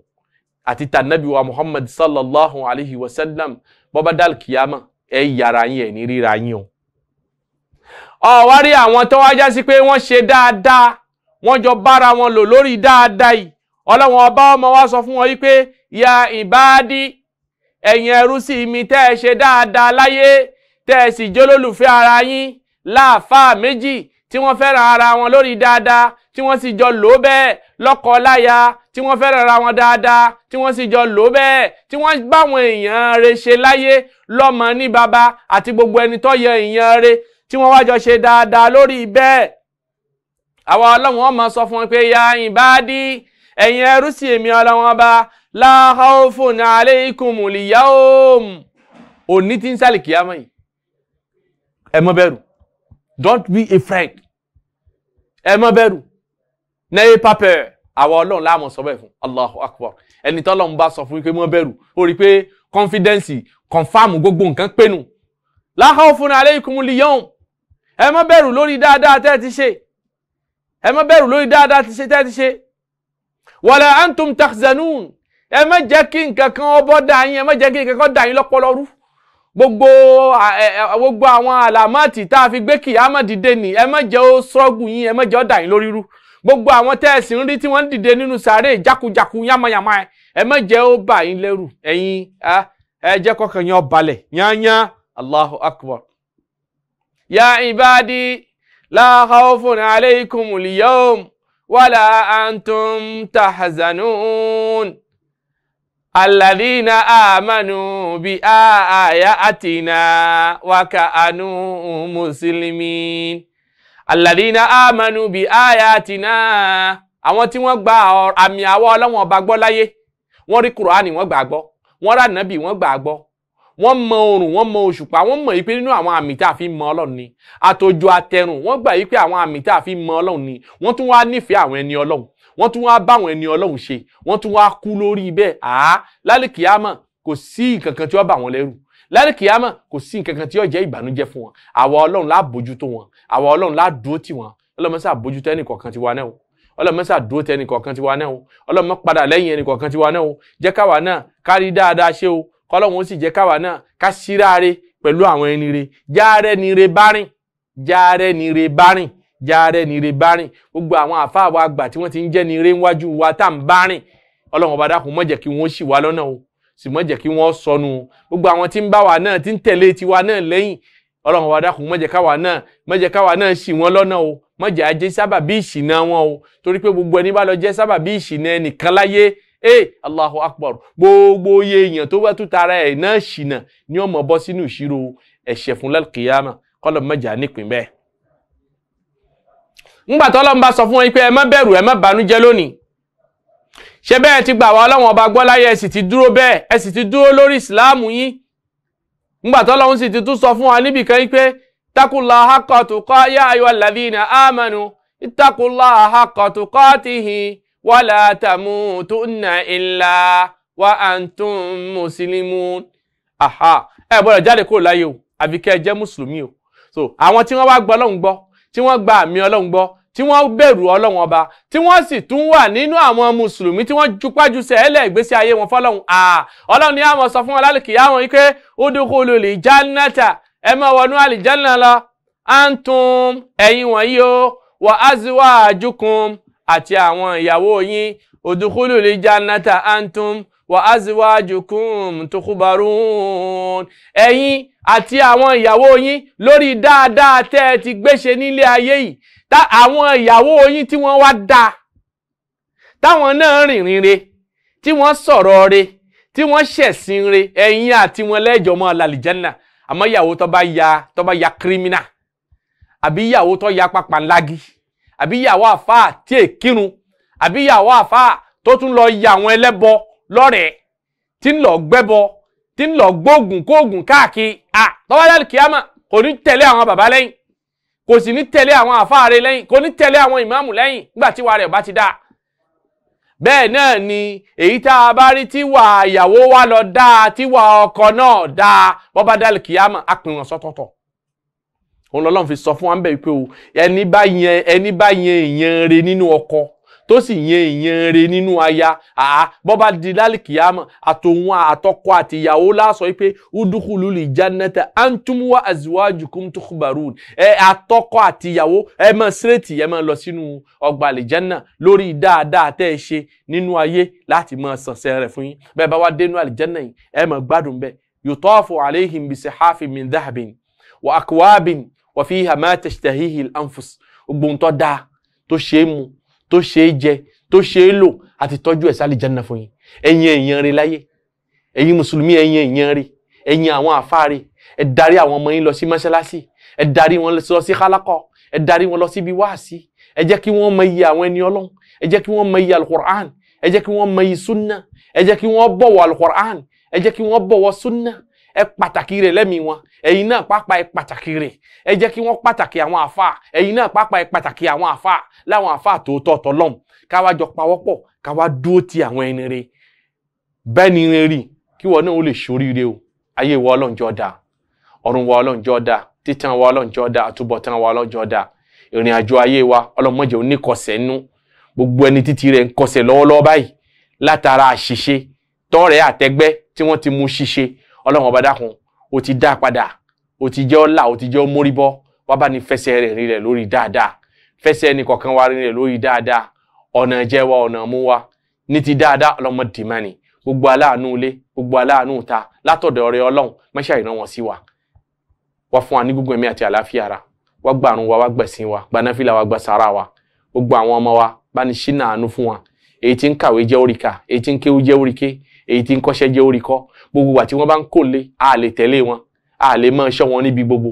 àti tànàbí wa muhammad sallallahu alayhi wa sallam bọ́bá dàl kìyàmà ẹ yàrá yín ẹ ní ríra yín o. ọ̀wá àwọn tó wájá sí pé wọ́n ṣe dáadáa wọ́n jọ bára wọn lò lórí dáadáa yìí ọlọ́wọ́n ọba ọmọ wa sọ fún wọn yìí pé ya ìbáàdí ẹ̀yin ẹrú sí mi tẹ́ ẹ ṣe dáadáa láyé tẹ́ ẹ sì jólólùfẹ́ ara yín láàfáà méjì tí wọ́n fẹ́ràn ara wọn lórí dáadáa tí wọ́n sì jọ lò ó bẹ́ẹ̀ lọ́kọ láya tí wọ́n fẹ́ràn ara wọn dáadáa tí wọ́n sì jọ lò ó bẹ́ẹ̀ tí wọ́n báwọn èèyàn rẹ̀ ṣe láyé lọ́mọ ní baba àti gbogbo ẹni tó yẹ èèyàn rẹ̀ tí wọ́n wá jọ ṣe dáadáa lórí bẹ́ẹ̀ àwa ọlọ́run ọmọ sọ fún wọn pé ya ìbáàdí ẹ̀yin ẹrú sí èmi ọlọ́wọ́n bá la khawfun alaykumul yawm òní tí ń sálì kìámọ́ yìí ẹ má bẹ̀rù don't be afraid ẹ má bẹ̀rù n'ayé pápẹ́ àwa ọlọ́run láàmú sọ bẹ́ẹ̀ fún allahu akbar ẹni tọ́lọ́ ń bá sọ fún pé má bẹ̀rù ó rí i pé confidence confam gbogbo nǹkan pẹ́nu la khawfun alaykumul yawm ẹ má bẹ̀rù lórí dáadáa tẹ́ ẹ ti ṣe ẹ má bẹ̀rù lórí dáadáa tẹ́ ẹ ti ṣe wala antum tahzanun ẹ má jẹ́ kí nǹkan kan ọbọ̀ dà yín ẹ má jẹ́ kí nǹkan kan gbogbo gbogbo àwọn àlàmáàtì tá fi gbé kìyàmọ̀ dìde nì ẹ má jẹ́ ó sọ́gùn yín ẹ má gbogbo àwọn tẹ́ ẹ sì ń rí tí wọ́n dìde nínú sàárè jákujàku yámayàmá ẹ ẹ má jẹ́ ó bà yín lẹ́rù ẹ̀yin ẹ jẹ́ kọ́kàn yín Allahu ya ibadi wala antum Àlàdínà àmànù bí àyà àtìnà wákà ànú mùsùlùmí. Àlàdínà àmànù bí àyà àtìnà. Àwọn tí wọ́n gba àmì àwọ̀ ọlọ́wọ̀n ọba gbọ́ láyé. Wọ́n rí Kùránì wọ́n gbà gbọ́. Wọ́n rà nàbì wọ́n gbà gbọ́. Wọ́n mọ oòrùn wọ́n mọ òṣùpá wọ́n mọ̀ yí pé nínú àwọn àmì tá a fi mọ Ọlọ́run ni. Àtòjò àtẹrùn wọ́n gbà yí pé àwọn àmì tá a fi mọ Ọlọ́run ni. Wọ́n tún wá nífẹ̀ẹ́ àwọn ẹni Ọlọ́run wọ́n tún wá báwọn ẹni ọlọ́run ṣe wọ́n tún wá kú lórí bẹ́ẹ̀ àá lálẹ́kìámọ̀ kò sí nǹkankan tí wọ́n bà wọ́n lẹ́rù lálẹ́kìámọ̀ kò sí nǹkankan tí yóò jẹ́ ìbànújẹ́ fún wọn àwa ọlọ́run lá bójútó wọn àwa ọlọ́run lá dúró tì wọn ọlọ́mọṣà bójútó ẹnì kọ̀ọ̀kan ti wa náà o ọlọ́mọṣà dúró tẹ ẹnì kọ̀ọ̀kan ti wa náà o ọlọ́mọ padà lẹ́yìn ẹnì kọ̀ọ̀kan ti wa náà o jẹ́ káwa náà kárí dáadáa ṣe o kọ́lọ́run ó sì jẹ́ káwa náà ká síráre pẹ̀lú àwọn ẹni re járe ni re bá rìn járe ni re bá jaarẹ nire bárìn gbogbo àwọn àfáà wa àgbà tí wọ́n ti ń jẹ́ nire ńwájú wa tá à ń bárìn ọba dákun má jẹ́ kí wọ́n ṣì wá lọ́nà o sì má jẹ́ kí wọ́n sọnù o gbogbo àwọn tí ń bá wa náà tí ń tẹ̀lé tiwa náà lẹ́yìn ọlọ́run ọba dákun má jẹ́ káwa náà má jẹ́ káwa náà ṣì wọ́n lọ́nà o má jẹ́ ajé sábà bí ìṣìnà wọn o torí pé gbogbo ẹni bá lọ jẹ́ sábà bí ìṣìnà ẹnìkan láyé ee eh, Allahu Akbar gbogbo iye èèyàn tó bá tún tara ẹ̀ náà ṣìnà ni ó máa bọ́ sínú ìṣirò ẹ̀ṣẹ̀ fún lálùkìyàmà kọ́lọ̀ má nípìn bẹ́ẹ̀ ńgbà tọ́lọ́run bá sọ fún wọn pé ẹ má bẹ̀rù ẹ má bànújẹ́ lónìí ṣe bẹ́ẹ̀ ti gbà wá ọlọ́run ọba gbọ́ láyé ẹ sì ti dúró bẹ́ẹ̀ ẹ sì ti dúró lórí ìsìláàmù yín ńgbà tọ́lọ́run sì ti tún sọ fún wa níbìkan pé taqullaha haqqa tuqati ya ayyuhal ladhina amanu ittaqullaha haqqa tuqatihi wala tamutunna illa wa antum muslimun aha ẹ gbọ́dọ̀ jáde kúrò láyé o àbí kẹ́ ẹ jẹ́ o so àwọn tí wọ́n wá gbọ́ ọlọ́run gbọ́ tí wọ́n gba àmì ọlọ́run gbọ́ tí wọ́n bẹ̀rù ọlọ́run ọba tí wọ́n sì tún wà nínú àwọn mùsùlùmí tí wọ́n jupájú sẹ́lẹ̀ ìgbésí ayé wọn fọlọ́run à ọlọ́run ni àwọn sọ fún wọn lálùkì yá wọn pé udukulu li jannata ẹ máa wọnú àlìjánná lọ antum ẹ̀yin wọ̀nyí o wa azwajukum àti àwọn ìyàwó yín udukulu li jannata antum wa azwajukum tukhbarun ẹ̀yin àti àwọn ìyàwó yín lórí dáadáa tẹ́ ẹ ti gbéṣe nílé ayé yìí tá àwọn ìyàwó yín tí wọ́n wá dáa táwọn náà rìnrìn re tí wọ́n sọ̀rọ̀ re tí wọ́n ṣẹ̀sìn re ẹ̀yin àti wọn lẹ́jọ́ mọ́ làlìjánà àmọ́ ìyàwó tó bá ya tó bá ya kírímínà àbí ìyàwó tó ya pàpàǹlági àbí ìyàwó àfáà tí èkírun àbí ìyàwó àfáà tó tún lọ ya àwọn ẹlẹ́bọ lọ́rẹ̀ẹ́ tí ń lọ gbẹ́bọ tí ń lọ gbóògùn kóògùn káàkiri à tọ́wádàlì kìámà kò ní tẹ̀lé àwọn bàbá lẹ́yìn kò sì ní tẹ̀lé àwọn àfáàrẹ lẹ́yìn kò ní tẹ̀lé àwọn ìmáàmù lẹ́yìn nígbà tí wàá rẹ̀ bá ti dáa bẹ́ẹ̀ náà ni èyí tá a bá rí tíwà ìyàwó wa lọ dáa tíwà ọkọ náà dáa bọ́bá dálì kìámà á pín wọn sọ́tọ̀ọ̀tọ̀ òun lọ́lọ́run fi sọ fún wa ń bẹ̀ wípé o ẹni bá yẹn ẹni bá yẹn èèyàn rẹ̀ nínú ọkọ tó sì yan èèyàn rẹ̀ nínú aya àá bọ́ bá di lálìkìyàmọ̀ àtòun àtọkọ àti ìyàwó lásọ pé udukulu lè jannata antumuwa azuwajukum tukubarun ẹ àtọkọ àti ìyàwó ẹ máa sírètì ẹ máa lọ sínú ọgbà àlìjánà lórí dáadáa tẹ́ ẹ ṣe nínú ayé láti máa sànsẹ́ rẹ̀ fún yín bẹ́ẹ̀ bá wá dénú àlìjánà yìí ẹ máa gbádùn bẹ́ẹ̀ yutafu alayhim bisihafin min dhahabin wa akwabin wa fiha ma tashtahihi anfus gbogbo ń tó ṣe é mu tó ṣe é jẹ tó ṣe é lò àti tọ́jú ẹ̀ sálì jẹ́nà fún yín ẹ̀yin èèyàn rẹ láyé ẹ̀yin mùsùlùmí ẹ̀yin èèyàn rẹ ẹ̀yin àwọn àfáàrẹ ẹ darí àwọn ọmọ yín lọ sí mọ́ṣáláṣí ẹ darí wọn lọ sí kálákọ̀ ẹ darí wọn lọ síbi wáàsí ẹ jẹ́ kí wọ́n mọ iye àwọn ẹni ọlọ́run ẹ jẹ́ kí wọ́n mọ iye alukur'an ẹ jẹ́ kí wọ́n mọ iye sunna ẹ jẹ́ kí wọ́n bọ̀wọ̀ alukur'an ẹ jẹ́ kí wọ́n bọ̀wọ̀ sunna ẹ pàtàkì rẹ̀ lẹ́mìí wọn ẹ̀yin náà pápá ẹ pàtàkì rẹ̀ ẹ jẹ́ kí wọ́n pàtàkì àwọn àfa ẹ̀yin náà pápá ẹ pàtàkì àwọn àfa láwọn àfa tòótọ́ tọlọ́m káwá jọ pawọ́pọ̀ káwá dúró ti àwọn ẹni rẹ̀ bẹ́ẹ̀ ni rẹ̀ rí kí wọn náà ó lè ṣoríire o ayé wa ọlọ́njọ́ da ọ̀run wa ọlọ́njọ́ da títàn wa ọlọ́njọ́ da àtúbọ̀tán wa ọlọ́njọ́ da ìrìn àjò ayé wa ọlọ́mọdé oníkọ̀sẹ̀ nú gbogbo ẹni títí rẹ̀ ń kọsẹ̀ lọ́wọ́lọ́wọ́ báyìí látara àṣìṣe tọ́rẹ̀ẹ́ àtẹgbẹ́ tí wọ́n ti mú ṣíṣe ọlọ́run ọba dákun ó ti dá padà ó ti jẹ́ ọlá ó ti jẹ́ ọmọríbọ́ wá bá ní fẹsẹ̀ rẹ̀ rinlẹ̀ lórí dáadáa fẹsẹ̀ ẹnì kọ̀ọ̀kan wa rinlẹ̀ lórí dáadáa ọ̀nà jẹ́ wa ọ̀nà mú wa ní ti dáadáa ọlọ́mọ dìmánì gbogbo aláàánú ilé gbogbo aláàánú ta látọ̀dọ̀ ọ̀rẹ́ ọlọ́run mẹ́ṣà ìran wọn sí wa wá fún wa ní gbogbo ẹ̀mí àti àlàáfíà ara wá gbàrún wa wá gbẹ̀sìn wa gbanáfìlà wa gbàsára wa gbogbo àwọn ọmọ wa bá ní ṣínà àánú fún wa èyí tí ń kàwé jẹ́ oríkà èyí tí ń kéwú jẹ́ oríkè èyí tí ń kọ́ṣẹ́ jẹ́ orí kọ́ gbogbo wa tí wọ́n bá ń kòlé a lè tẹ̀lé wọn a lè máa ṣọ́ wọn níbi gbogbo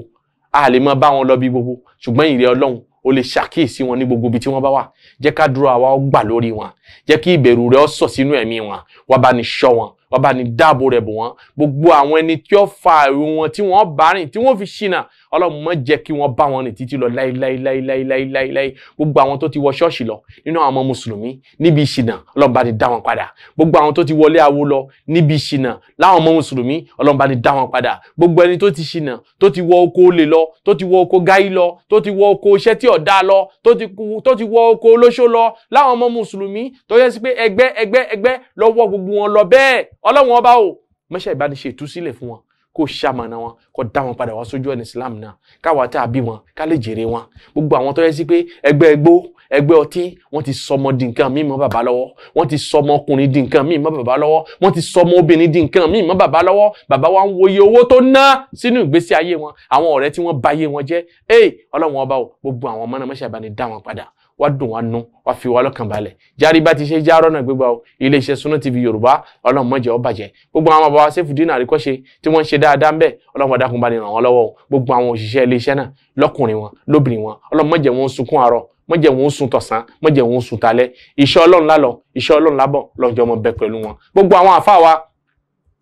a lè máa bá wọn lọ bí gbogbo ṣùgbọ́n ìrẹ Ọlọ́run ó lè ṣàkíyèsí wọn ní gbogbo ibi tí wọ́n bá wà jẹ́ ká dúró àwa ó gbà lórí wọn jẹ́ kí ìbẹ̀rù rẹ ó sọ̀ sínú ẹ̀mí wọn wá bá ní ṣọ́ wọn wá bá ní dáàbò rẹ bò wọn gbogbo àwọn ẹni tí ó fa ìrù wọn tí wọ́n bá rìn tí wọ́n fi ṣìnà ọlọ́run má jẹ́ kí wọ́n bá wọn ní títí lọ láíláíláíláíláíláí gbogbo àwọn tó ti wọ ṣọ́ọ̀ṣì lọ nínú àwọn ọmọ mùsùlùmí níbi ìṣìnà ọlọ́run bá ní dá wọn padà gbogbo àwọn tó ti wọlé awo lọ níbi ìṣìnà láwọn ọmọ mùsùlùmí ọlọ́run bá ní dá wọn padà gbogbo ẹni tó ti ṣìnà tó ti wọ oko olè lọ tó ti wọ oko gáyí lọ tó ti wọ oko iṣẹ́ tí ọ̀dá lọ tó ti wọ oko olóṣó lọ láwọn ọmọ mùsùlùmí tó yẹ sí pé ẹgbẹ́ ẹgbẹ́ ẹgbẹ́ lọ́wọ́ gbogbo wọn lọ bẹ́ẹ̀ ọlọ́run ọba o mọ́ṣẹ́ ìbánisẹ̀ ìtúsílẹ̀ fún wọn kó ṣamọ̀nà wọn kó dá wọn padà wá sójú ọ̀nà islam náà káwa tá a bí wọn ká lè jèrè wọn gbogbo àwọn tó yẹ sí pé ẹgbẹ́ ẹgbó ẹgbẹ́ ọtí wọ́n ti sọmọ di nǹkan míì mọ́ bàbá lọ́wọ́ wọ́n ti sọmọ ọkùnrin di nǹkan míì mọ́ bàbá lọ́wọ́ wọ́n ti sọmọ obìnrin di nǹkan míì mọ́ bàbá lọ́wọ́ bàbá wa ń wo iye owó tó ná sínú ìgbésí ayé wọn àwọn ọ̀rẹ́ tí wọ́n bà ayé wọn jẹ́ ẹ́ ọlọ́run ọba ò gbogbo àwọn ọmọ náà mọ́ṣẹ́ àbáni wọn padà wá dùn wá nú wá fi wá lọ́kàn balẹ̀ járí bá ti ṣe já rọ́nà gbégbá o iléeṣẹ́ Sunna TV yorùbá ọlọ́run má jẹ́ ó bàjẹ́ gbogbo àwọn bàbá Saifuddeen Àríkọ́ṣe tí wọ́n ń ṣe dáadáa ń bẹ̀ ọlọ́run dákun bá ní ràn wọ́n lọ́wọ́ gbogbo àwọn òṣìṣẹ́ iléeṣẹ́ náà lọ́kùnrin wọn lóbìnrin wọn ọlọ́run má jẹ́ wọn sunkún àárọ̀ má wọn sun tọ̀sán má wọn sun talẹ́ iṣẹ́ ọlọ́run gbogbo àwọn àfáà wa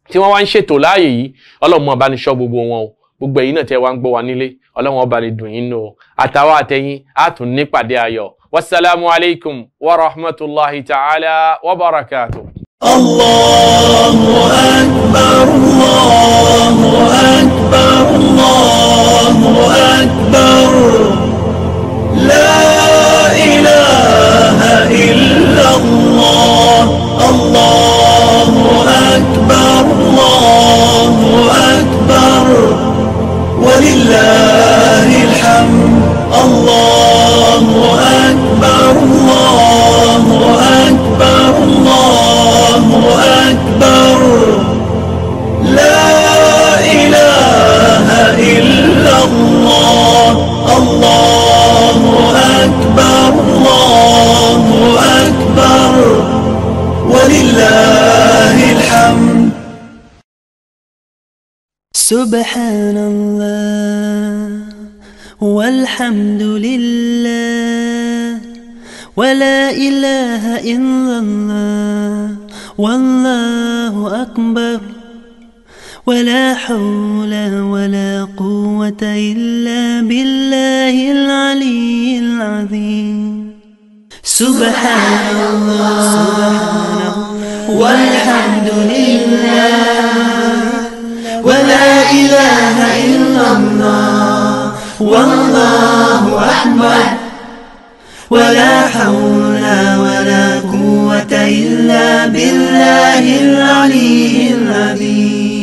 tí wọ́n wá ń ṣètò láàyè yìí ọlọ́run mọ̀ bá ní ṣọ́ gbogbo wọn o gbogbo ẹ̀yin náà tẹ́ wá ń nílé ọlọ́run ọba lè dùn yín nù o àtàwọn àtẹ̀yìn á tún nípàdé ayọ̀ والسلام عليكم ورحمة الله تعالى وبركاته الله أكبر الله أكبر الله أكبر لا إله إلا الله الله أكبر الله أكبر ولله الله أكبر الله أكبر لا إله إلا الله الله أكبر الله أكبر ولله الحمد سبحان الله والحمد لله ولا إله إلا الله والله أكبر ولا حول ولا قوة إلا بالله العلي العظيم سبحان الله والحمد لله ولا إله إلا الله والله أكبر ولا حول ولا قوة إلا بالله العلي العظيم